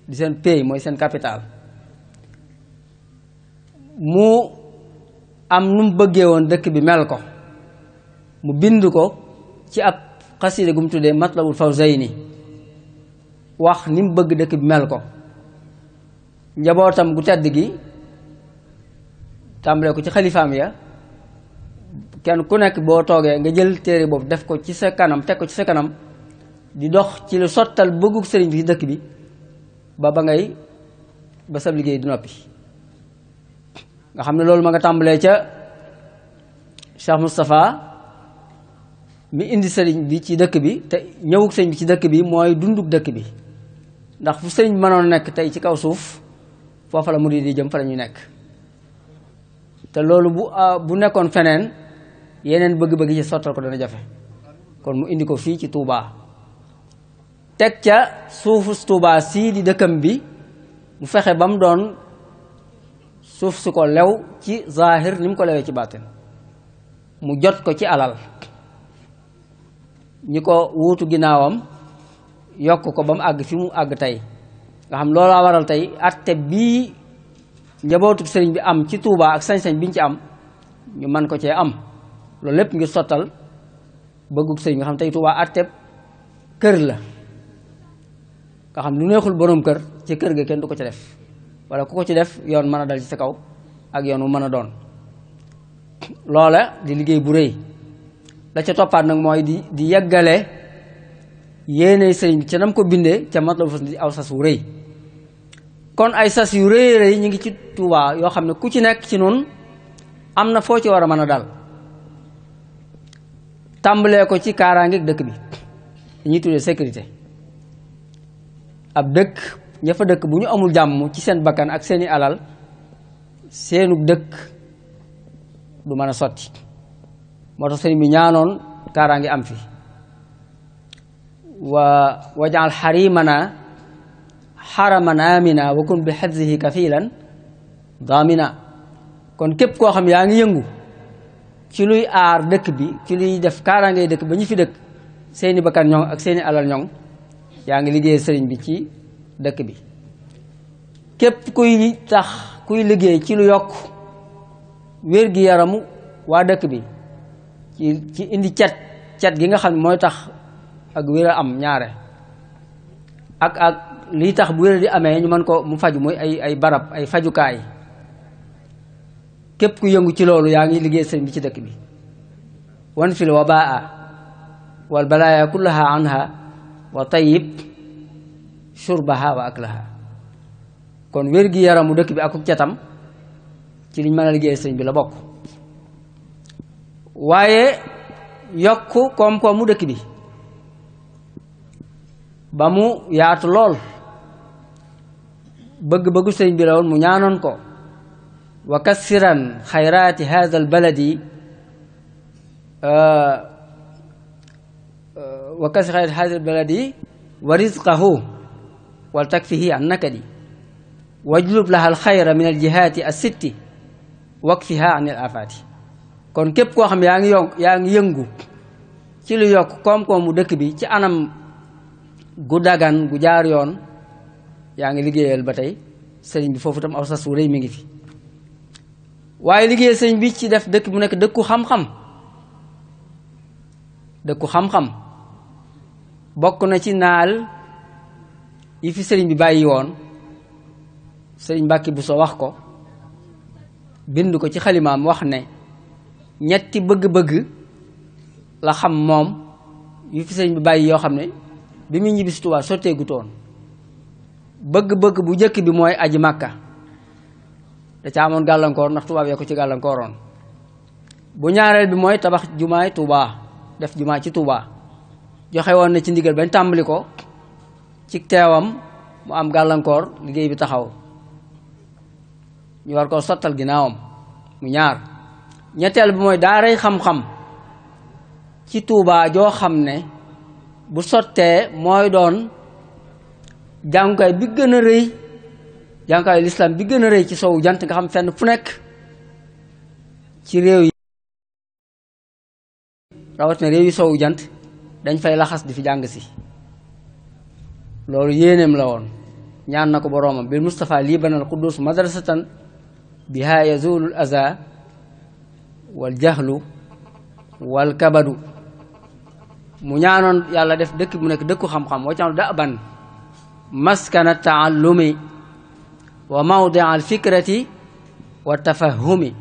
di seen pay mooy seen capital mu am nu mu bëggee woon dëkk bi mel ko mu bind ko ci ab xasida gu mu tuddee matlabul fawzayni wax ni mu bëgg dëkk bi mel ko njabootam gu tedd gi tàmbalee ko ci xalifaam ya kenn ku nekk boo toogee nga jël téere boobu def ko ci sa kanam teg ko ci sa kanam di dox ci lu sottal bëggug sëriñ bi ci dëkk bi ba ba ngay ba sab liggéey di noppi nga xam ne loolu ma nga tàmbalee ca Cheikh mi indi sëriñ bi ci dëkk bi te ñëwug sëriñ bi ci dëkk bi mooy dundug dëkk bi ndax fu sëriñ mënoon nekk tey ci kaw suuf foofa la murid yi jëm fa la nekk te loolu bu ah, bu nekkoon feneen yeneen bëgg-bëgg yi sottal ko dana jafe kon mu indi ko fii ci Touba teg ca suufus tuubaa sii di dëkkam bi mu fexe ba mu doon suuf su ko lew ci zahir ni mu ko lewee ci baatin mu jot ko ci alal ñi ko wuutu ginnaawam yokk ko ba mu àgg fi mu àgg tey nga xam loolaa waral tey atte bii njabootu sëriñ bi am ci Touba ak sañ-sañ biñ ci am ñu man ko cee am loolu lépp ngir sottal bëggug sëy nga xam tey Tuubaa àtteb kër la nga xam lu neexul boroom kër ci kër ga kenn du ko ci def wala ku ko ci def yoon mën a dal ci sa kaw ak yoon wu mën a doon loola di liggéey bu rëy la ca toppaat nag mooy di di yeggale yéene sëriñ bi ca nam ko bindee ca mat la aw sas wu rëy kon ay sas yu rëy rëy ñu ngi ci Tuubaa yoo xam ne ku ci nekk ci noonu am na foo ci war a mën a dal tambale ko ci kaaraangeeg dekk bi ñi tuddee sécurité ab dekk ña fa dekk bu ñu amul jamm ci seen bakkan ak seeni alal seenu dekk du mëna soti sotti moo mi ñaanon bi am fi wa wajal harimana, haraman amina wa kun bi hadzihi kafilan damina kon kep ko xam yaangi ci luy aar dëkk bi ci luy def kaaraangay dëkk ba ñu fi dëkk seeni bakkan ñoŋ ak seeni alal ñoŋ yaa ngi liggéey sëriñ bi ci dëkk bi képp kuy tax kuy liggéey ci lu yokk wér-gi-yaramu waa dëkk bi ci ci indi cet cet gi nga xam ne mooy tax ak wér a am ñaare ak ak liy tax bu wér di amee ñu mën ko mu faju muy ay ay barab ay fajukaay kep ku yëngu ci loolu yaa ngi liggéey bi ci dëkk bi wan fil wabaa wal balaaya kullaha anha wa tayib shurbaha wa aklaha kon wér gi yaramu dëkk bi akuk catam ci liñ mën a liggéey bi la bokk waaye yokk koom mu dëkk bi ba mu yaatu lool bëgg-bëggu bi la mu ñaanoon ko وكثرا خيرات هذا البلد آه، آه، وكثر خيرات هذا البلد ورزقه ولتكفيه عن نكدي واجلب لها الخير من الجهات الست واكفها عن الافات كون كيب كو خم يانغ يونغ يانغ يينغو سي لو يوك كوم كوم دك بي سي انام غو داغان غو جار يون يانغ ليغيال باتاي سيرين بي فوفو تام اوسا سوري ميغي في waaye liggéeyal sëñ bi ci def dëkk bu nekk dëkku xam-xam dëkku xam-xam bokk na ci naal yi fi sëriñ bi bàyyi woon sëriñ Mbàkke Buso wax ko bind ko ci xalimaam wax ne ñetti bëgg-bëgg la xam moom yu fi sëriñ bi bàyyi yoo xam ne bi muy ñibbisi Tuubaa sotteegu bëgg-bëgg bu njëkk bi mooy aji màkka da ca amoon gàllankoor ndax tubaab yee ko ci gàllankooroon bu ñaareel bi mooy tabax jumaay Tuubaa def jumaa ci Tuubaa joxe woon na ci ndigal bañ tàmbali ko ci teewam mu am gàllankoor liggéey bi taxaw ñu war koo sottal ginnaawam mu ñaar ñetteel bi mooy daaray xam-xam ci Tuubaa joo xam ne bu sottee mooy doon jàngukaay bi gën a rëy jànkaayu lislaam bi gën a rëy ci sowu jant nga xam fenn fu nekk ci réew yi rawatina réew yi sowu jant dañ fay laxas di fi jàng si loolu yéeneem la woon ñaan na ko boroomam bil Mustafa lii banal quddus madrasatan biha yazulu l aza wal jahlu wal kabadu mu ñaanoon yàlla def dëkk bu nekk dëkku xam-xam waccaanu da ban maskana taallumi وموضع الفكرة والتفهم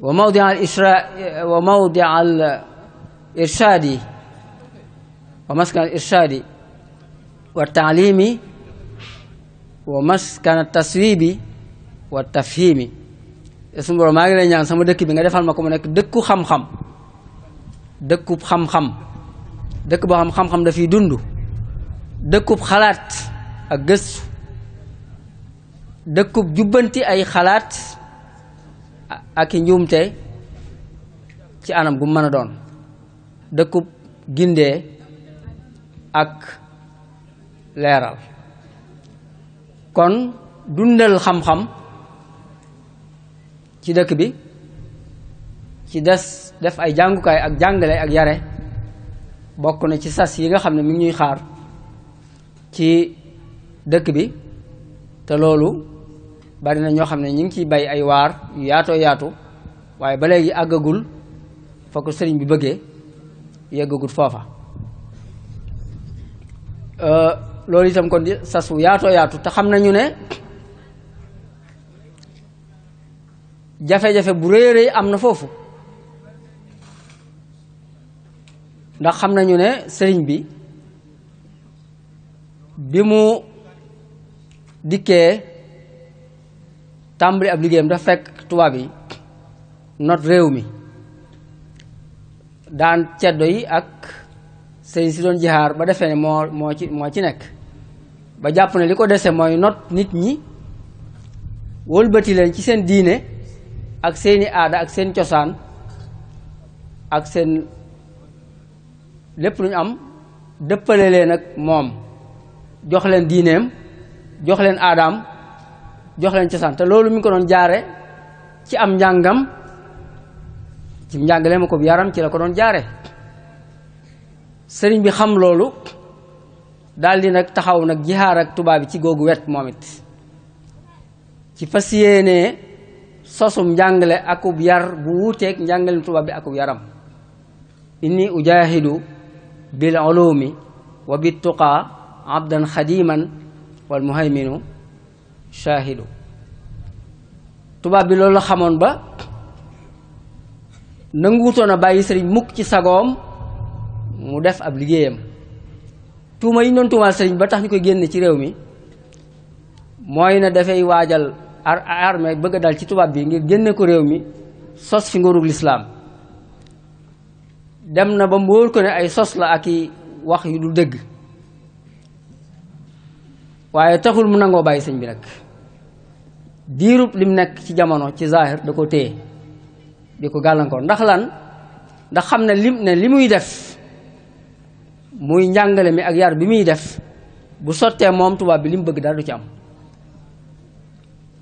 وموضع الإسراء وموضع الإرشاد ومسكن الإرشاد والتعليم ومسكن التصويب والتفهيم اسم برو ماغي نيان سما دك بيغا ديفال ماكو مو نيك دك خم خم دك خم خم دك بو خم خم دا في دوندو دك خلات اك گيس dëkkub jubbanti ay xalaat ak i njuumte ci anam gu mën a doon dëkkub gindee ak leeral kon dundal xam-xam ci dëkk bi ci des def ay jàngukaay ak jàngale ak yare bokk na ci sas yi nga xam ne mu ngi ñuy xaar ci dëkk bi te loolu bari na ñoo xam ne ñu ngi ciy bay ay waar yu yaatoo yaatu waaye ba léegi àggagul fa ko sëriñ bi bëggee yeggagul foofa euh, loolu itam kon sas wu yaatoo yaatu te xam nañu ne jafe-jafe bu rëy rëy am na foofu ndax xam nañu ne sëriñ bi bi mu dikkee tàmbali ab liggéeyam dafa fekk tubaab yi not réew mi daan ceddo yi ak sëriñ si doon jixaar ba defee ne moo moo ci moo ci nekk ba jàpp ne li ko dese mooy not nit ñi wëlbati leen ci seen diine ak seeni aada ak seen cosaan ak seen lépp lu ñu am dëppale leen ak moom jox leen diineem jox leen aadaam jox leen ci sante loolu mi ngi ko doon jaare ci am njàngam ci njàngale ma ko yaram ci la ko doon jaare sëriñ bi xam loolu daal di nag taxaw nag jihaar ak tubaab bi ci googu wet moom ci fas yéenee sosum njàngale akub yar bu wuuteeg njàngale tubaab bi akub yaram inni ujahidu bil ulumi wa bit tuqa abdan khadiman wal muhaiminu shaahidu tubaab bi loolu la xamoon ba nanguutoon a bàyyi sëriñ mukk ci sagoom mu def ab liggéeyam tuuma yi ñu doon tuumaal sëriñ ba tax ñu koy génne ci réew mi mooy na dafay waajal ar armée bëgg dal ci tubaab bi ngir génne ko réew mi sos fi nguurug lislaam dem na ba mu wóor ko ne ay sos la ak i wax yu dul dëgg waaye taxul mu nangoo bàyyi sëñ bi nag diirub lim nekk ci jamono ci zahir da ko téye di ko gàllankoor ndax lan ndax xam ne lim ne li muy def muy njàngale mi ak yar bi muy def bu sottee moom tubaab bi li bëgg dara du ci am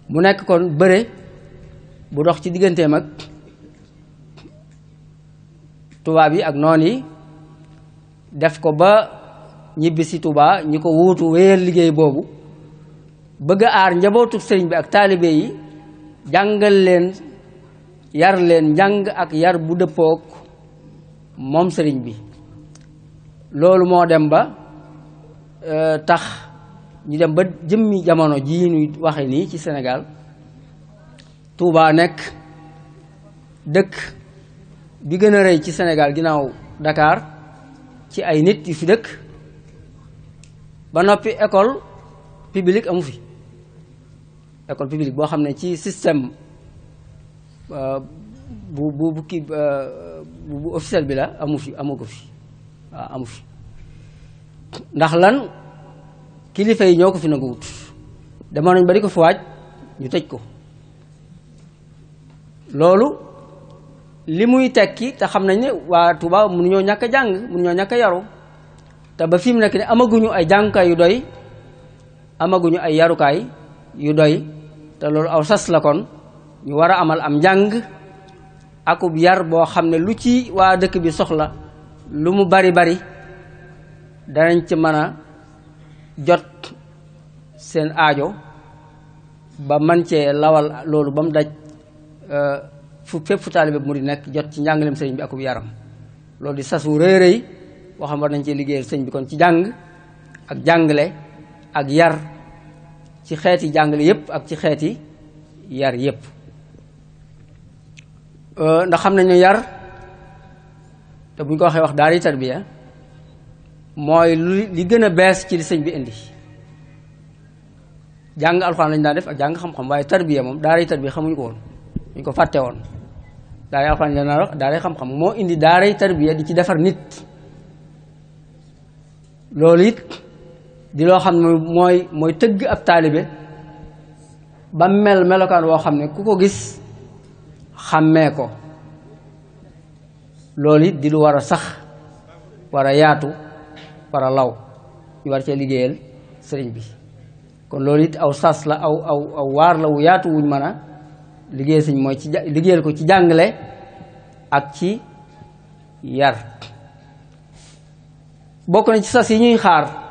mu nekk kon bëre bu dox ci digganteem ak tubaab yi ak noon yi def ko ba ñibbi tubaa ñi ko wuutu wéyal liggéey boobu bëgg aar njabootu sëriñ bi ak taalibe yi jàngal leen yar leen njàng ak yar bu dëppook moom sëriñ bi loolu moo dem ba e, tax ñu dem ba jëmmi jamono ji ñuy waxe nii ci Sénégal Touba nekk dëkk bi gën a rëy ci Sénégal ginnaaw Dakar ci ay nit yu fi dëkk ba noppi école publique amu fi école publique boo xam ne ci système euh, bu bu euh, bu bu officiel bi la amu fi amu ko fi waaw amu fi ndax lan kilifa yi ñoo ko fi nangu wut demoon nañ bari ko fi waaj ñu tëj ko loolu li muy tekki te xam nañ ne waa Touba mënuñoo ñàkk a jàng mënuñoo ñàkk a yaru te ba fi mu nekk ne amaguñu ay jàngukaay yu doy amaguñu ay yarukaay yu doy te loolu aw sas la kon ñu war amal am jang, akub yar boo xam ne lu ci waa dëkk bi soxla lu mu bari bari danañ ci mën a jot seen aajo ba man cee lawal loolu ba mu daj e, fu fépp fu taalibe mu di nekk jot ci njàngaleem sëriñ bi akub yaram loolu di sasu wu rëy rëy boo war nañ cee liggéeyal bi kon ci jàng ak jàngale ak yar ci xeeti jàngale yépp ak ci xeeti yar yépp euh, ndax xam nañu yar te buñ ko waxee wax daari tarbiya mooy li gën a bees ci li sëñ bi indi jàng alxuraan lañ daan def ak jàng xam-xam waaye tarbiya moom daari tarbiya xamuñu ko woon ñu ko fàtte woon daari alxuraan lañ daan wax daari xam-xam moo indi daari tarbiya di ci defar nit loolu it di loo xam ne mooy mooy tëgg ab taalibe ba mel melokaan woo xam ne ku ko gis xàmmee ko lool it di lu war a sax war a yaatu war a law ñu war cee liggéeyal sëriñ bi kon loolu it aw sas la aw aw aw waar la wu yaatu wuñ mën a liggéey sëñ mooy ci liggéeyal ko ci jàngale ak ci yar bokk na ci sas yi ñuy xaar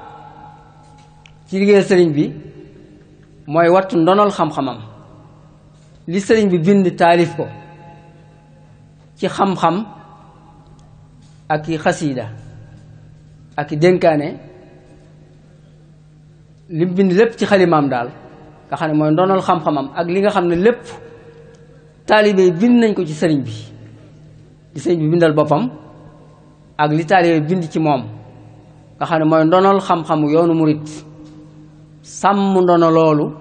ci liggéey sëriñ bi mooy wattu ndonol xam-xamam li sëriñ bi bind taalif ko ci xam-xam ak i xasiida ak i dénkaane li bind lépp ci xalimaam daal nga xam ne mooy ndonol xam-xamam ak li nga xam ne lépp taalibe yi bind nañ ko ci sëriñ bi li sëriñ bi bindal boppam ak li taalibe bind ci moom nga xam ne mooy ndonol xam-xamu yoonu murit sàmm ndono loolu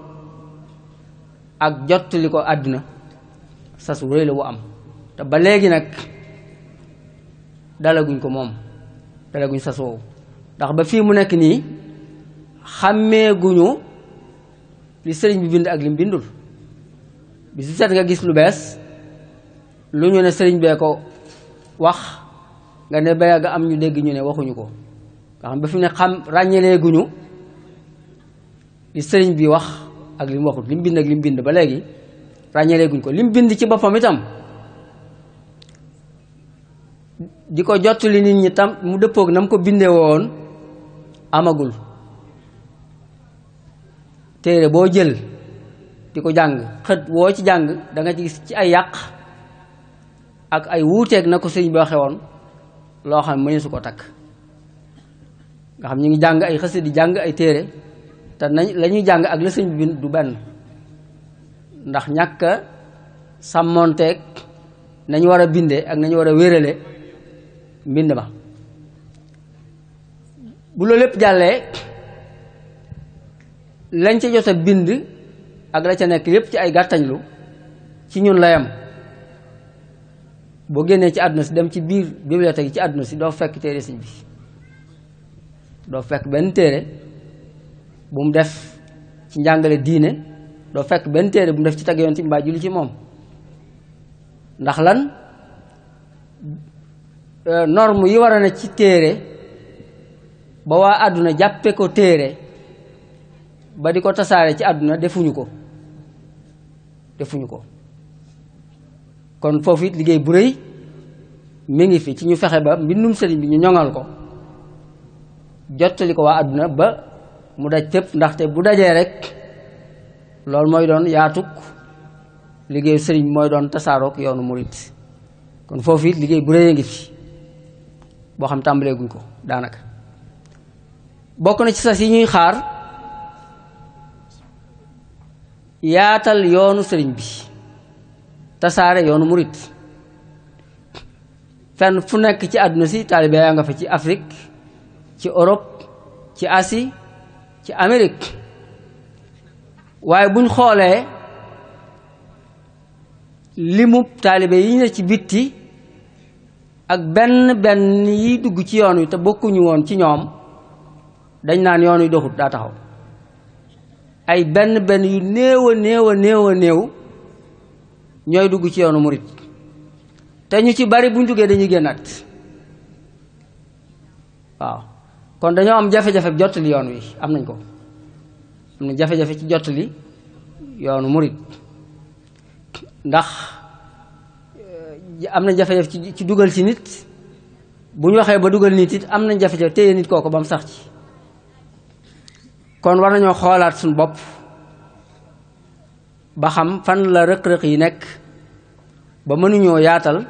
ak jottali ko àdduna sasu wu la wu am te ba léegi nag dalaguñ ko moom dalaguñ sasoow ndax ba fii mu nekk nii xàmmeeguñu li sëriñ bi bind ak li bindul bi su set nga gis lu bees lu ñu ne sëriñ bee ko wax nga ne ba yàgg am ñu dégg ñu ne waxuñu ko nga xam ba fi mu ne xam ràññeleeguñu li sëriñ bi wax ak li mu waxut li bind ak li bind ba léegi ràññaleeguñ ko li mu bind ci boppam itam di ko jottali nit ñi tam mu dëppoog na mu ko bindee woon amagul téere boo jël di ko jàng xët woo ci jàng da ci gis ci ay yàq ak ay wuuteeg na ko sëriñ bi waxe woon loo xam ne mëneesu ko takk nga xam ñu ngi jàng ay xasida di jàng ay téere te nañ la jàng ak la sëñ bi bind du benn ndax ñàkk a sàmmonteeg nañu war a bindee ak nañu war a wérale mbind ma bu loolu lépp jàllee lañ ca jot bind ak la ci nekk lépp ci ay gàttañlu ci ñun la yam boo génnee ci àdduna si dem ci biir bibliothèque yi ci àdduna si doo fekk téere sëñ bi doo fekk benn téere bu mu def ci njàngale diine doo fekk benn téere bu mu def ci tag yoon ci mbaa julli ci moom ndax lan euh, norme yi war na ci téere ba waa àdduna jàppe ko téere ba di ko tasaare ci àdduna defuñu ko defuñu ko kon foofu it liggéey bu rëy mu ngi fi ci ñu fexe ba mbindum sëriñ bi ñu ñoŋal ko jottali ko waa àdduna ba mu daj tépp ndaxte bu dajee rek loolu mooy doon yaatuk liggéeyu sëriñ mooy doon tasaarook yoonu murit kon foofu it liggéey bu rëy a ngi fi boo xam tàmbaleeguñ ko daanaka bokk na ci sas yi ñuy xaar yaatal yoonu sëriñ bi tasaare yoonu murit fenn fu nekk ci àdduna si taalibe yaa nga fa ci Afrique ci Europe ci Asie ci Amérique waaye buñ xoolee limub taalibe yi ne ci bitti ak benn benn yi dugg ci yoon wi te bokkuñu woon ci ñoom dañ naan yoon wi doxut daa taxaw ay benn benn yu néew a néew néew ñooy dugg ci yoonu murit te ñu ci bari buñ duggee dañuy génnaat waaw kon dañoo am jafe-jafe jottali yoon wi am nañ ko am na jafe-jafe ci jottali yoonu murit ndax eh, am na jafe-jafe ci ci dugal ci nit bu ñu waxee ba dugal nit am nañ jafe-jafe kooku ba mu sax ci kon war nañoo xoolaat suñ bopp ba xam fan la rëq-rëq yi nekk ba mënuñoo yaatal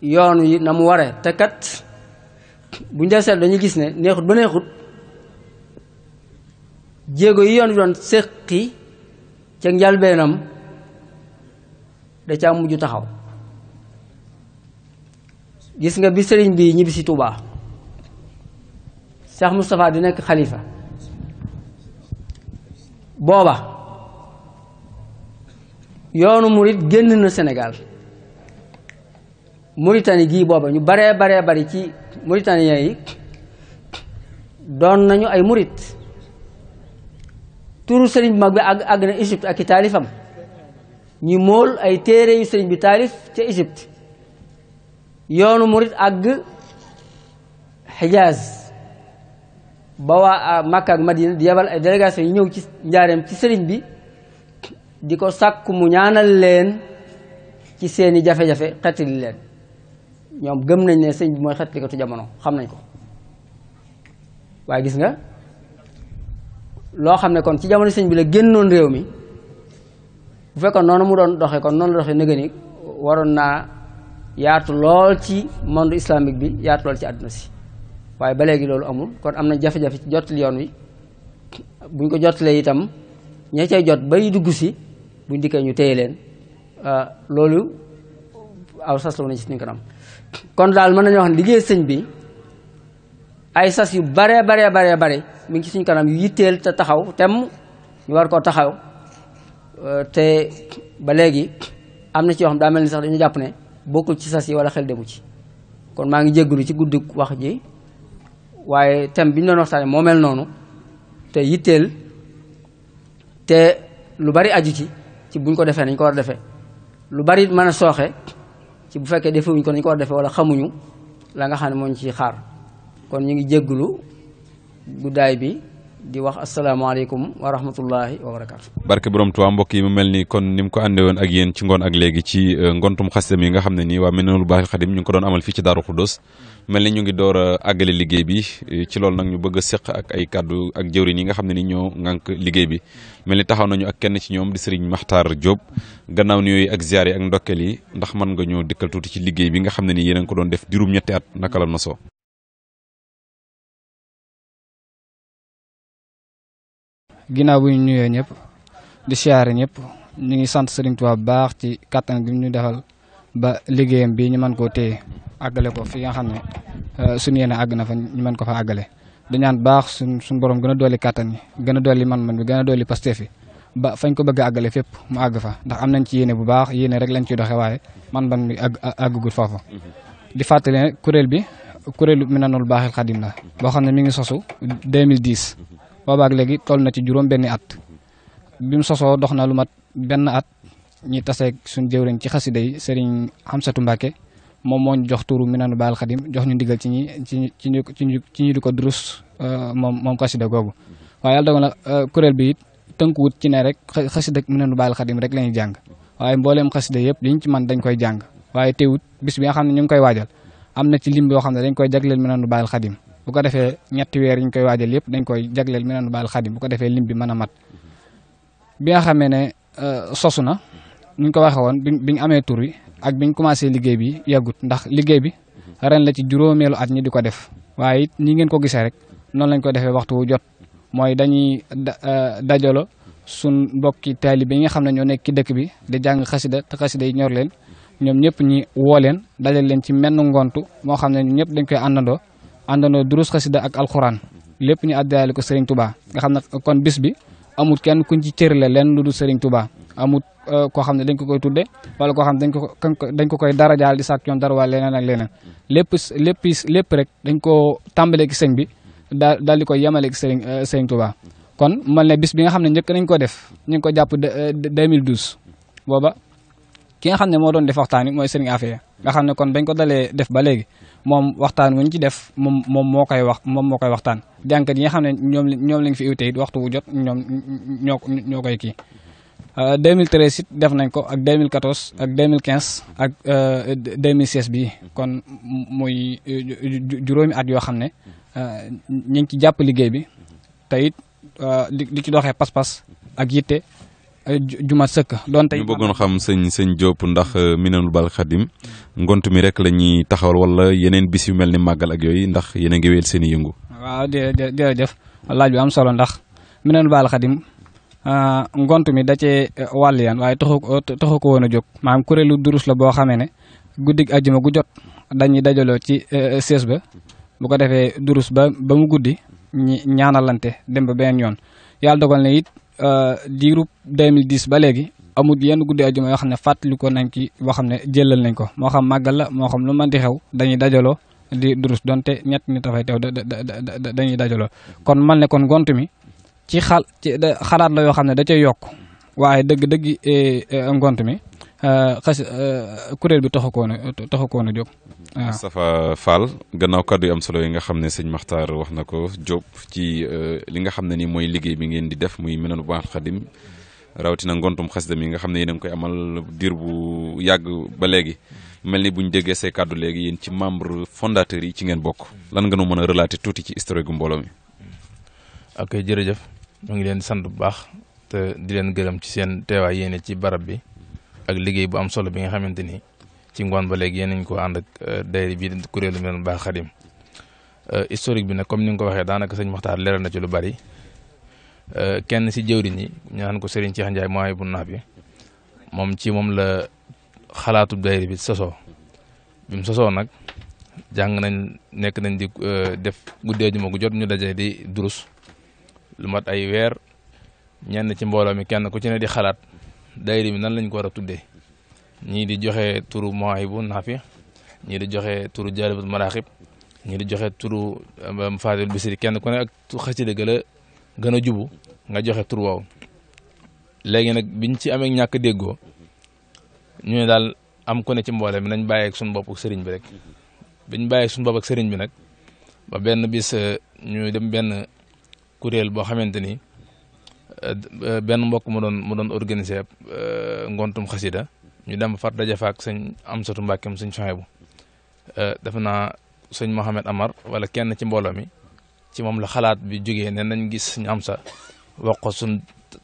yoon yi na mu ware te kat bu dee seet dañuy gis ne neexut ba neexut jéego yi yoon bi doon séqi ca njalbeenam da caa mujj taxaw gis nga bi sëriñ bi ñibbisi si Touba Cheikh Moustapha di nekk xalifa booba yoonu murit génn na Sénégal Mauritanie gii booba ñu baree baree bari ci Mauritaniens yi doon nañu ay murit turu sëriñ bi mag bi àgg àgg na Égypte ak i taalifam ñu mool ay téere yu sëriñ bi taalif ci Égypte yoonu murit àgg Xijaaz ba waa ah, Makka ak Madina di yebal ay délégation yu ñëw ci njaareem ci sëriñ bi di ko sàkk mu ñaanal leen ci seeni jafe-jafe xettali leen ñoom gëm nañ ne sëñ bi mooy xetlikatu jamono xam nañ ko waaye gis nga loo xam ne kon ci jamono sëñ bi la génnoon réew mi bu fekkoon noonu mu doon doxee kon noonu la doxee nëgë waroon naa yaatu lool ci monde islamique bi yaatu lool ci àdduna si waaye ba léegi loolu amul kon am na jafe-jafe ci jottali yoon wi buñ ko jottalee itam ña cay jot bay dugg si buñ dikkee ñu téye leen ah, loolu aw sas la woon ci suñu kon daal mën nañoo wax ne liggéey sëñ bi ay sas yu baree baree baree bare mu ngi ci suñ kanam yu yitteel te taxaw temm ñu war koo taxaw euh, te ba léegi am na ci yoo xam daa mel ni sax dañu jàpp ne bokkul ci sas yi wala xel demu ci kon maa ngi jégalu ci guddik wax ji waaye thème bi ñu doon waxtaane moo mel noonu te yitteel te lu bari aju ci ci buñ ko defee nañ ko war a defee lu bari mën a sooxe ci bu fekkee defewuñ ko nañ ko war a wala xamuñu la nga xam ne mooñ ci xaar kon ñu ngi jégglu guddaay bi di wax asalaamaaleykum wa rahmatullahi wa barakaatu. barke borom Tuubaa mbokk yi mu mel ni kon ni mu ko àndee woon ak yéen ci ngoon ak léegi ci euh, ngontum xasida mi nga xam ne nii waa Minanul Baaxil Xadim ñu ngi ko doon amal fii ci Daaru Xuddoos mel ni ñu ngi door a liggéey bi euh, ci loolu ñu bëgg a ak ay kàddu ak jëwriñ yi nga xam ne ni ñoo ŋànk liggéey bi mel ni taxaw nañu ak kenn ci ñoom di Sëriñ Maxtaar Diop gannaaw nuyooyu ak ziar yi ak ndokkeel yi ndax mën nga ñoo dikkal tuuti ci liggéey bi nga xam ne ni yéen a ngi ko doon def juróom-ñetti at naka la nosoo ginaaw bu ñu nuyoo ñëpp di siyaare ñëpp ñi ngi sante Serigne Touba baax ci katan gi ñu defal ba liggéeyam bi ñu man ko téye agalé ko fi nga xamné euh, suñu yéne ag na fa ñu man ko fa agalé di ñaan baax suñ suñ borom gëna doli katan kattan yi man-man bi gëna doli dolli pasteef yi ba fañ ko bëgg agalé fep mu ag fa ndax am nañ ci yéne bu baax yéne rek lañ ci doxé waye man ban bi ag àggagul fofu mhm. di fatalé kurel bi kurelu Minanul Baaxil khadim la bo xam mi ngi sosu 2010 boobaak léegi toll na ci juróom benni at bi mu sosoo dox na lu mat benn at ñi taseeg suñ jëwriñ ci xasida yi sëriñ Xamsatu Mbàkke moom moo ñu jox turu nu Baal Xadim jox ñu ndigal ci ñi ci ci ñu ci ñu di ko durus euh, moom moom xasida googu waaye yàlla dogal na euh, kuréel bi it wut ci ne rek xasida Minanu Baal Xadim rek la ñuy jàng waaye mbooleem xasida yëpp liñ ci man dañ koy jàng waaye wut bis bi nga xam ne ñu ngi koy waajal am na ci lim boo xam ne dañ koy jagleel Minanu Baal Xadim bu ko defee ñetti weer yi ñu koy waajal yëpp dañ koy jagleel Minanul Baaqil Xadim bu ko defee lim bi mën a mat bi nga xamee ne euh, sosu na ñu ko waxee woon bi ñu amee tur wi ak bi ñu commencé liggéey bi yàggut ndax liggéey bi ren la ci juróomeelu at ñi di ko def waaye it ñi ngeen ko gisee rek noonu lañ ko defee waxtu wu jot mooy dañuy euh, dajalo suñ mbokki taalibe yi nga xam ne ñoo nekk ci dëkk bi di jàng xasida te xasida yi ñor leen ñoom ñëpp ñi woo leen dajal leen ci menn ngontu moo xam ne ñëpp dañ koy àndandoo àndandoo durus xasida ak alxuraan lépp ñu àddaale ko Serigne Touba nga xam ne kon bis bi amut kenn kuñ ci cërle leen lu dul Serigne Touba amut euh, koo xam ne dañ ko koy tudde wala koo xam ne dañ ko dañ ko dara jaal di sàkk yoon dara waa leneen ak leneen lépp lépp rek dañ koo tàmbalee sëñ bi daal di koy yemale ki Serigne euh, Serigne kon man ne bis bi nga xam ne njëkk nañ ko def ñu ko jàpp 2012 euh, booba ki nga xam ne moo doon def waxtaan wi mooy sëriñ Afia nga xam ne kon bañ ko dalee def ba léegi moom waxtaan wuñ ci def moom moom moo koy wax moom moo koy waxtaan jànkat yi nga xam ne ñoom ñoom lañ fi iwte it waxtu wu jot ñoom ñoo ñoo koy kii 2013 euh, it def nañ ko ak 2014 ak 2015 ak 2016 euh, bii kon mooy juróomi at yoo xam ne euh, ñu ngi ci jàpp liggéey bi te it li ci doxee pas-pas ak yitte juma sëkk donte. ñu bëggoon xam sëñ sëñ Diop ndax euh, Minanul Bal Xadim ngont mi rek la ñuy taxawal wala yeneen bis yu mel ni màggal ak yooyu ndax yéen a ngi wéyal seen i yëngu. waaw jërëjëf laaj bi am solo ndax Minanul Bal Xadim euh, ngont mi da cee euh, wàll yan waaye taxu taxu ko woon a jóg maanaam kuréelu durus la boo xamee ne guddig ajjuma gu jot dañuy dajaloo ci sées ba bu ko defee durus ba ba mu guddi ñi ñaanalante dem ba beneen yoon yàlla dogal na it. Euh, diirub 2010 ba léegi amul yenn guddi ajuma yoo xam ne fàttali ko nañ ci boo xam ne jëlal nañ ko moo xam màggal la moo xam lu mën di xew dañuy dajaloo di durus donte ñett ñi dafay teew da da dañuy dajaloo kon man ne kon gont mi ci xal ci xalaat la yoo xam ne da ca yokk waaye dëgg-dëgg eh, eh, ngont mi Eh, xas eh, kuréel bi taxu koo na taxu koo na jóg waaw Moustapha Fall gannaaw kàddu yi am solo yi nga xam ne sëñ Maxtaar wax ci eh, li nga xam ni mooy liggéey bi ngeen di def muy Minanul Baaxil Xadim rawatina ngontum xasida mi nga xam ne koy amal diir bu yàgg ba léegi mel ni bu ñu déggee say kàddu léegi yéen ci membre fondateur yi ci ngeen bokk lan nga nu mën a relater tuuti ci historique gu mbooloo mi. ok jërëjëf ñu ngi leen sant bu baax te di leen gërëm ci seen teewaay yéene ci barab bi. ak liggéey bu am solo bi nga xamante ni ci ngoon ba léegi yéen ko ànd ak euh, daayira ko kuréelu mi doon baax xadim euh, historique bi nag comme ni nga ko waxee daanaka sëñ Maxtaar leeral na ci lu bari euh, kenn si jëwriñ yi ñu naan ko Serigne Cheikh Ndiaye mooy bu naaf bi ci moom la xalaatub daayira bi soso bi mu sosoo nag jàng nañ nekk nañ di def guddee ju ma gu jot ñu daje di durus lu mat ay weer ñenn ci mbooloo mi kenn ku ci ne di xalaat. daayira bi nan lañ ko war a tuddee ñii di joxe turu Mawahibou Nafi ñii di joxe turu Jaalibatul Maraaxib ñii di joxe turu um, Faadil Bisri kenn ku ne ak xasida ga gën a jubu nga joxe turu waaw léegi nag biñ ci amee ñàkk déggoo ñu daal am ku ne ci mboole mi nañ bàyyee ak suñu bopp sëriñ bi rek biñ bàyyee suñu bopp ak sëriñ bi nag ba benn bis uh, ñu dem benn kuréel boo xamante ni Euh, euh, benn mbokk mu doon mu doon organisé euh, ngontum xasida ñu dem far daje fa ak sëñ Amsatu Mbàkke am sëñ Suhaybu defe naa sëñ Mohamed Amar wala kenn ci mbooloo mi ci moom la xalaat bi jógee ne nañ gis sëñ Amsa wax ko suñ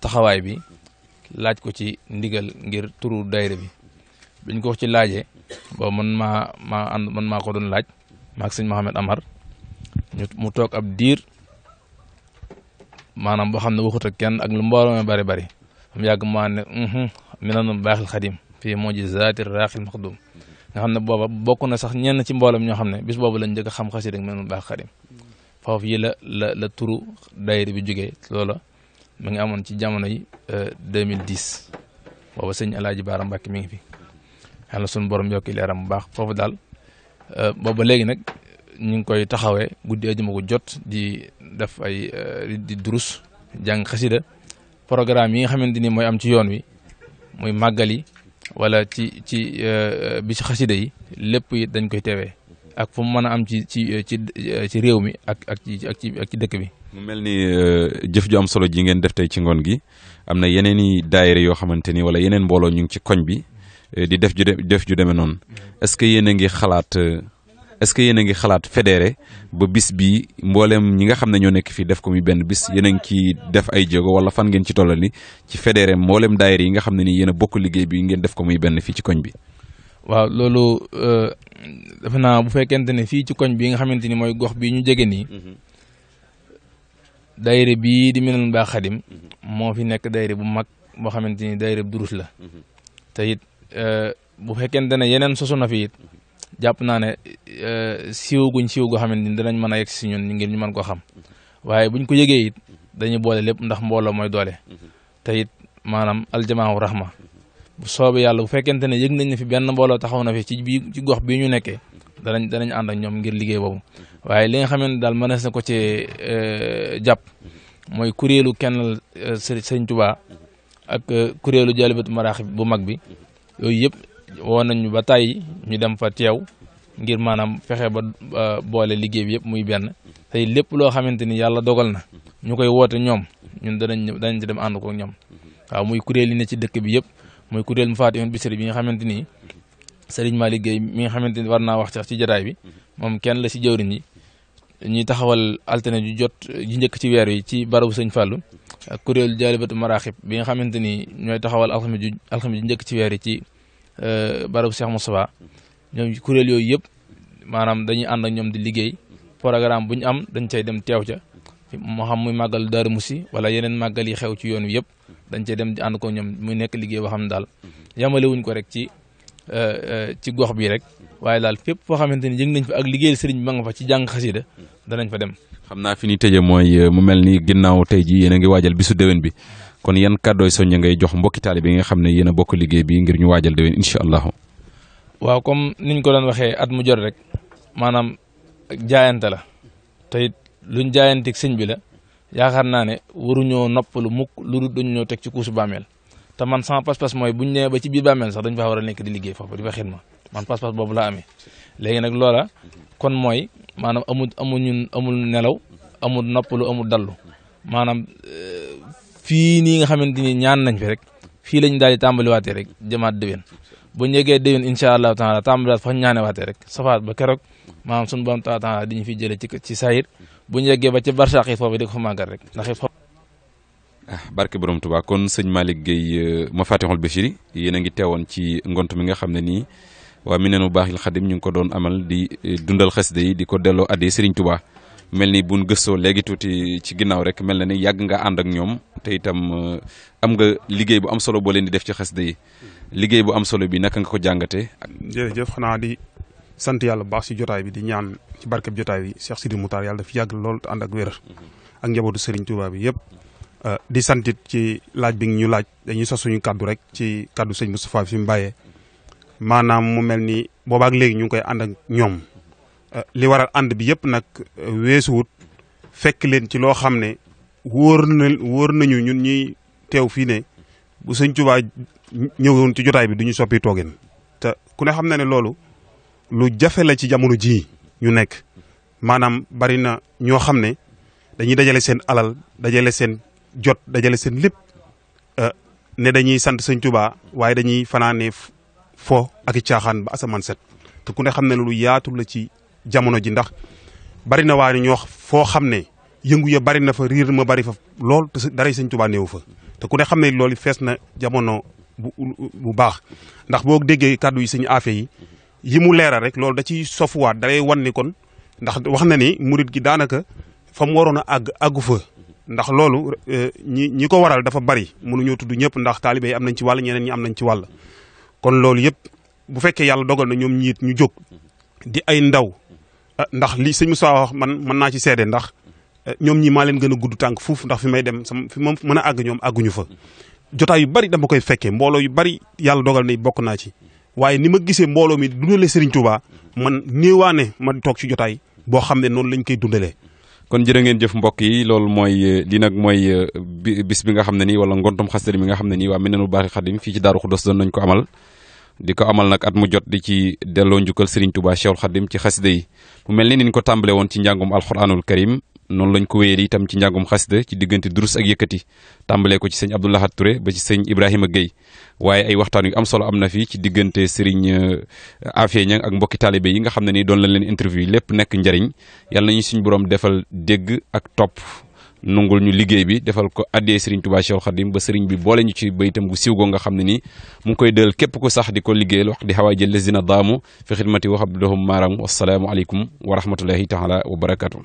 taxawaay bi laaj ko ci ndigal ngir turu daayira bi biñ ko ci laajee boobu man ma maa ànd man maa ko doon laaj maak sëñ Mohamed Amar ñu mu toog ab diir maanaam boo xam ne waxut kenn ak lu mbooloo mi bari bari am yàgg maa ne uhuh, mi na nu baaxil xadim fii moo ji zaati raaxil maxdum nga xam ne booba bokk na sax ñenn ci mboolem ñoo xam ne bis boobu lañ njëkk a xam xasida mi na nu baax xadim foofu yi la la la turu daayira bi jógee loola mi ngi amoon ci jamono yi 2010 euh, booba sëñ Alaaji Baara Mbàkke mi ngi fi yàlla sunu borom yokki leeram bu baax foofu daal euh, booba léegi nag ñu ngi koy taxawee guddi ajuma ko jot di def ay euh, di durus jàng xasida programme yi nga xamante ni mooy am ci yoon wi muy màggal yi wala ci ci euh, bi ci xasida yi lépp it dañ koy teewee ak fu mu mën a am ci ci ci ci réew mi ak ak ci ak ci ak ci dëkk bi. mu mel ni euh, jëf ju am solo ji ngeen def tey ci ngoon gi am na yeneen i daayira yoo xamante ni wala yeneen mbooloo ñu ngi ci koñ bi di def ju def ju demee noonu est-ce que yéen a ngi xalaat. est-ce que yéen a ngi xalaat fédéré ba bis bi mbooleem ñi nga xam ne ñoo nekk fii def ko muy benn bis yéen a ngi ci def ay jéego wala fan ngeen ci tollal ni ci fédéré mbooleem daayira yi nga xam ne ni yéen a bokk liggéey bi ngeen def ko muy benn fii ci koñ bi waaw loolu euh, defe naa bu fekkente ne fii ci koñ bi nga xamante ni mooy gox bii ñu jege nii mhm. daayira bii di Minanul Baa Xadim mhm. moo fi nekk daayira bu mag boo xamante ni daayira bu durus la mhm. te it euh, bu fekkente ne yeneen sosu na jàpp naa ne e, siiw guñ siiw goo xamante ni dinañ mën a yegg si ñun ngir ñu mën ko xam waaye buñ ko yëgee it dañuy boole lépp ndax mbooloo mooy doole te it maanaam aljamaahu rahma bu soobee yàlla bu fekkente ne yëg nañ ne fi benn mbooloo taxaw na fi ci bii ci gox bii ñu nekkee danañ danañ ànd ak ñoom ngir liggéey boobu waaye li nga xam ne daal mënees na ko ci e, jàpp mooy kuréelu kenn e, sëriñ Tuubaa ak kuréelu Jaalibatu Maraaxib bu mag bi yooyu yëpp woo ñu ba tàyyi ñu dem fa teew ngir maanaam fexe ba boole liggéey bi yëpp muy benn tey lépp loo xamante ni yàlla dogal na ñu koy woote ñoom ñun danañ dañ ci dem ànd ko ñoom waaw muy kuréel yi ne ci dëkk bi yëpp muy kuréel mu faati yoon bisiri bi nga xamante ni sëriñ Malick Gueye mi nga xamante ni war naa wax sax ci jataay bi moom kenn la ci si jëwriñ yi ñuy taxawal altine ju jot ju njëkk ci weer yi ci barabu sëñ Fallou ak kuréel jaalibatu maraaxib bi nga xamante ni ñooy taxawal alxames ju alxames njëkk ci weer yi ci Euh, barabu seex Cheikh Moustapha ñoom kuréel yooyu yëpp maanaam dañuy ànd ak ñoom di liggéey programme bu am dañ cay dem teew ca moo xam muy màggal mu si wala yeneen màggal yi xew ci yoon wi yëpp dañ cay dem di ànd ko ñoom muy nekk liggéey boo xam ne daal yamale wuñ ko rek ci euh, euh, ci gox bii rek waaye daal fépp foo xamante ni yëg nañ fa ak liggéeyal sëriñ bi ma nga fa ci jàng xasida danañ fa dem. xam naa fi ni tëjee mooy mu mel ni ginnaaw tey jii yéen a ngi waajal bisu déwén bi kon yan kàddooy soñña ngay jox mbokki taalibe nga xam ne yéen a bokk liggéey bi ngir ñu waajal déwén incha allahu. waaw comme niñ ko doon waxee at mu jot rek maanaam jaayante la te it luñ jaayanteeg sëñ bi la yaakaar naa ne waruñoo lu mukk lu dul dañu ñoo teg ci kuusu bàmmeel te man sama pas-pas mooy buñ ñëwee ba ci biir bàmmeel sax dañ fa war a nekk di liggéey foofu di fa xidma man pas-pas boobu laa amee léegi nag loola kon mooy maanaam amul amul ñun amul nelaw amul noppalu amul dallu fii nii nga xamante ni ñaan nañ fi rek fii lañ daal di tàmbaliwaatee rek jëmaat déwén bu ñu yeggee déwén incha allahu taala tàmbaliwaat ñaane waate rek safaat ba keroog maanaam suñu borom taala taala di ñu fi jëlee ci ci sayir bu ñu yeggee ba ci barsaq yi foofu di ko fa màggal rek ndax it ah barke borom Tuubaa kon sëñ Malick Guèye euh, Mafatihul Bichri yéen a ngi teewoon ci ngont mi nga xam ne nii waa mi neen bu baaxil xadim ñu ngi ko doon amal di euh, dundal xasida yi di ko delloo addee Serigne Touba mel ni bun gëstoo léegi tuuti ci ginnaaw rek mel na ni yàgg nga ànd ak ñoom te itam euh, am nga liggéey bu am solo boo leen di def ci xes yi liggéey bu am solo bi naka nga ko jàngatee. jërëjëf xanaa di sant yàlla bu baax si jotaay bi di ñaan ci barkeb jotaay bi Cheikh Sidi Moutar yàlla daf yàgg lool te ànd ak wér ak njabootu Serigne Touba bi yëpp. Euh, di santit ci laaj bi ñu laaj dañuy sos suñu kaddu rek ci kaddu sëñ Moustapha fi mu bàyyee maanaam mu mel ni boobaak léegi ñu ngi koy ànd ak ñoom Euh, li waral ànd bi yëpp nag euh, weesuwut fekk leen ci loo xam ne wóor nañu ñun ñuy teew fii ne bu sëñ Tuubaa ñëwoon ci jotaay bi duñu soppi toogin te ku ne xam na ne loolu lu jafe la ci jamono jii ñu nekk maanaam bari na ñoo xam ne dañuy dajale seen alal dajale seen jot dajale seen lépp euh, ne dañuy sant sëñ Tuubaa waaye dañuy fanaane fo ak i caaxaan ba asamaan set te ku ne xam ne lu yaatu la ci jamono ji ndax bari na waa ñoo foo xam ne yëngu ya bari na fa riir ma bari fa lool te daray sëñ Tuubaa néew fa te ku ne xam ne loolu fees na jamono bu bu baax ndax boo déggee kàddu yi sëñ Afe yi yi mu leeral rek loolu da ciy sofuwaat dalay wan ni kon ndax wax na ni murit gi daanaka fa mu waroon a àgg àggu fa ndax loolu euh, ñi ñi ko waral dafa bari mënuñoo tudd ñëpp ndax taalibe yi am nañ ci wàll ñeneen ñi am nañ ci wàll kon loolu yëpp bu fekkee yàlla dogal na ñoom ñiit ñu jóg di ay ndaw Eh, ndax li sëñ Moussa wax man mën naa ci seede ndax eh, ñoom ñi maa leen gën a gudd tànk fuuf ndax fi may dem sama fi ma mën a àgg ñoom àgguñu fa jotaay yu bari dama koy fekkee mbooloo yu bari yàlla dogal na bokk naa ci waaye ni ma gisee mbooloo mi dundale Serigne Touba man néewaane ma toog ci jotaay boo xam ne noonu lañ koy dundalee. kon jërë ngeen jëf mbokk yi loolu mooy eh, li nag mooy bis bi nga xam ne nii wala ngontum xasida mi nga xam ne nii waa Minanul Baaxil Xadim fii ci Daaru Xuddos doon ko amal di ko amal nag at mu jot di ci delloo njukkal Serigne Touba Cheikhul Xadim ci xasida yi mu mel ni niñ ko tàmbale woon ci njàngum alxuraanul karim noonu lañ ko wéyee itam ci njàngum xasida ci diggante durus ak yëkkati tàmbale ko ci sëñ Abdou Lahad Touré ba ci sëñ Ibrahima Guèye waaye ay waxtaan yu am solo am na fi ci diggante sëriñ euh, Afia Niang ak mbokki taalibe yi nga xam ne ni doon lañ leen interview lépp nekk njariñ yàlla nañu suñu boroom defal dégg ak topp nungul ñu liggéey bi defal ko addee Serigne Touba Cheikhoul Khadim ba seriñ bi boole ñu ci baytam gu siiw goo nga xam ne ni mu ngi koy dël képp ko sax di ko liggéeyal wax di xawaay jël les dina daamu fi xidmati wax abdodohum maaram wasalaamualeykum wa rahmatullahi taala wa barakatu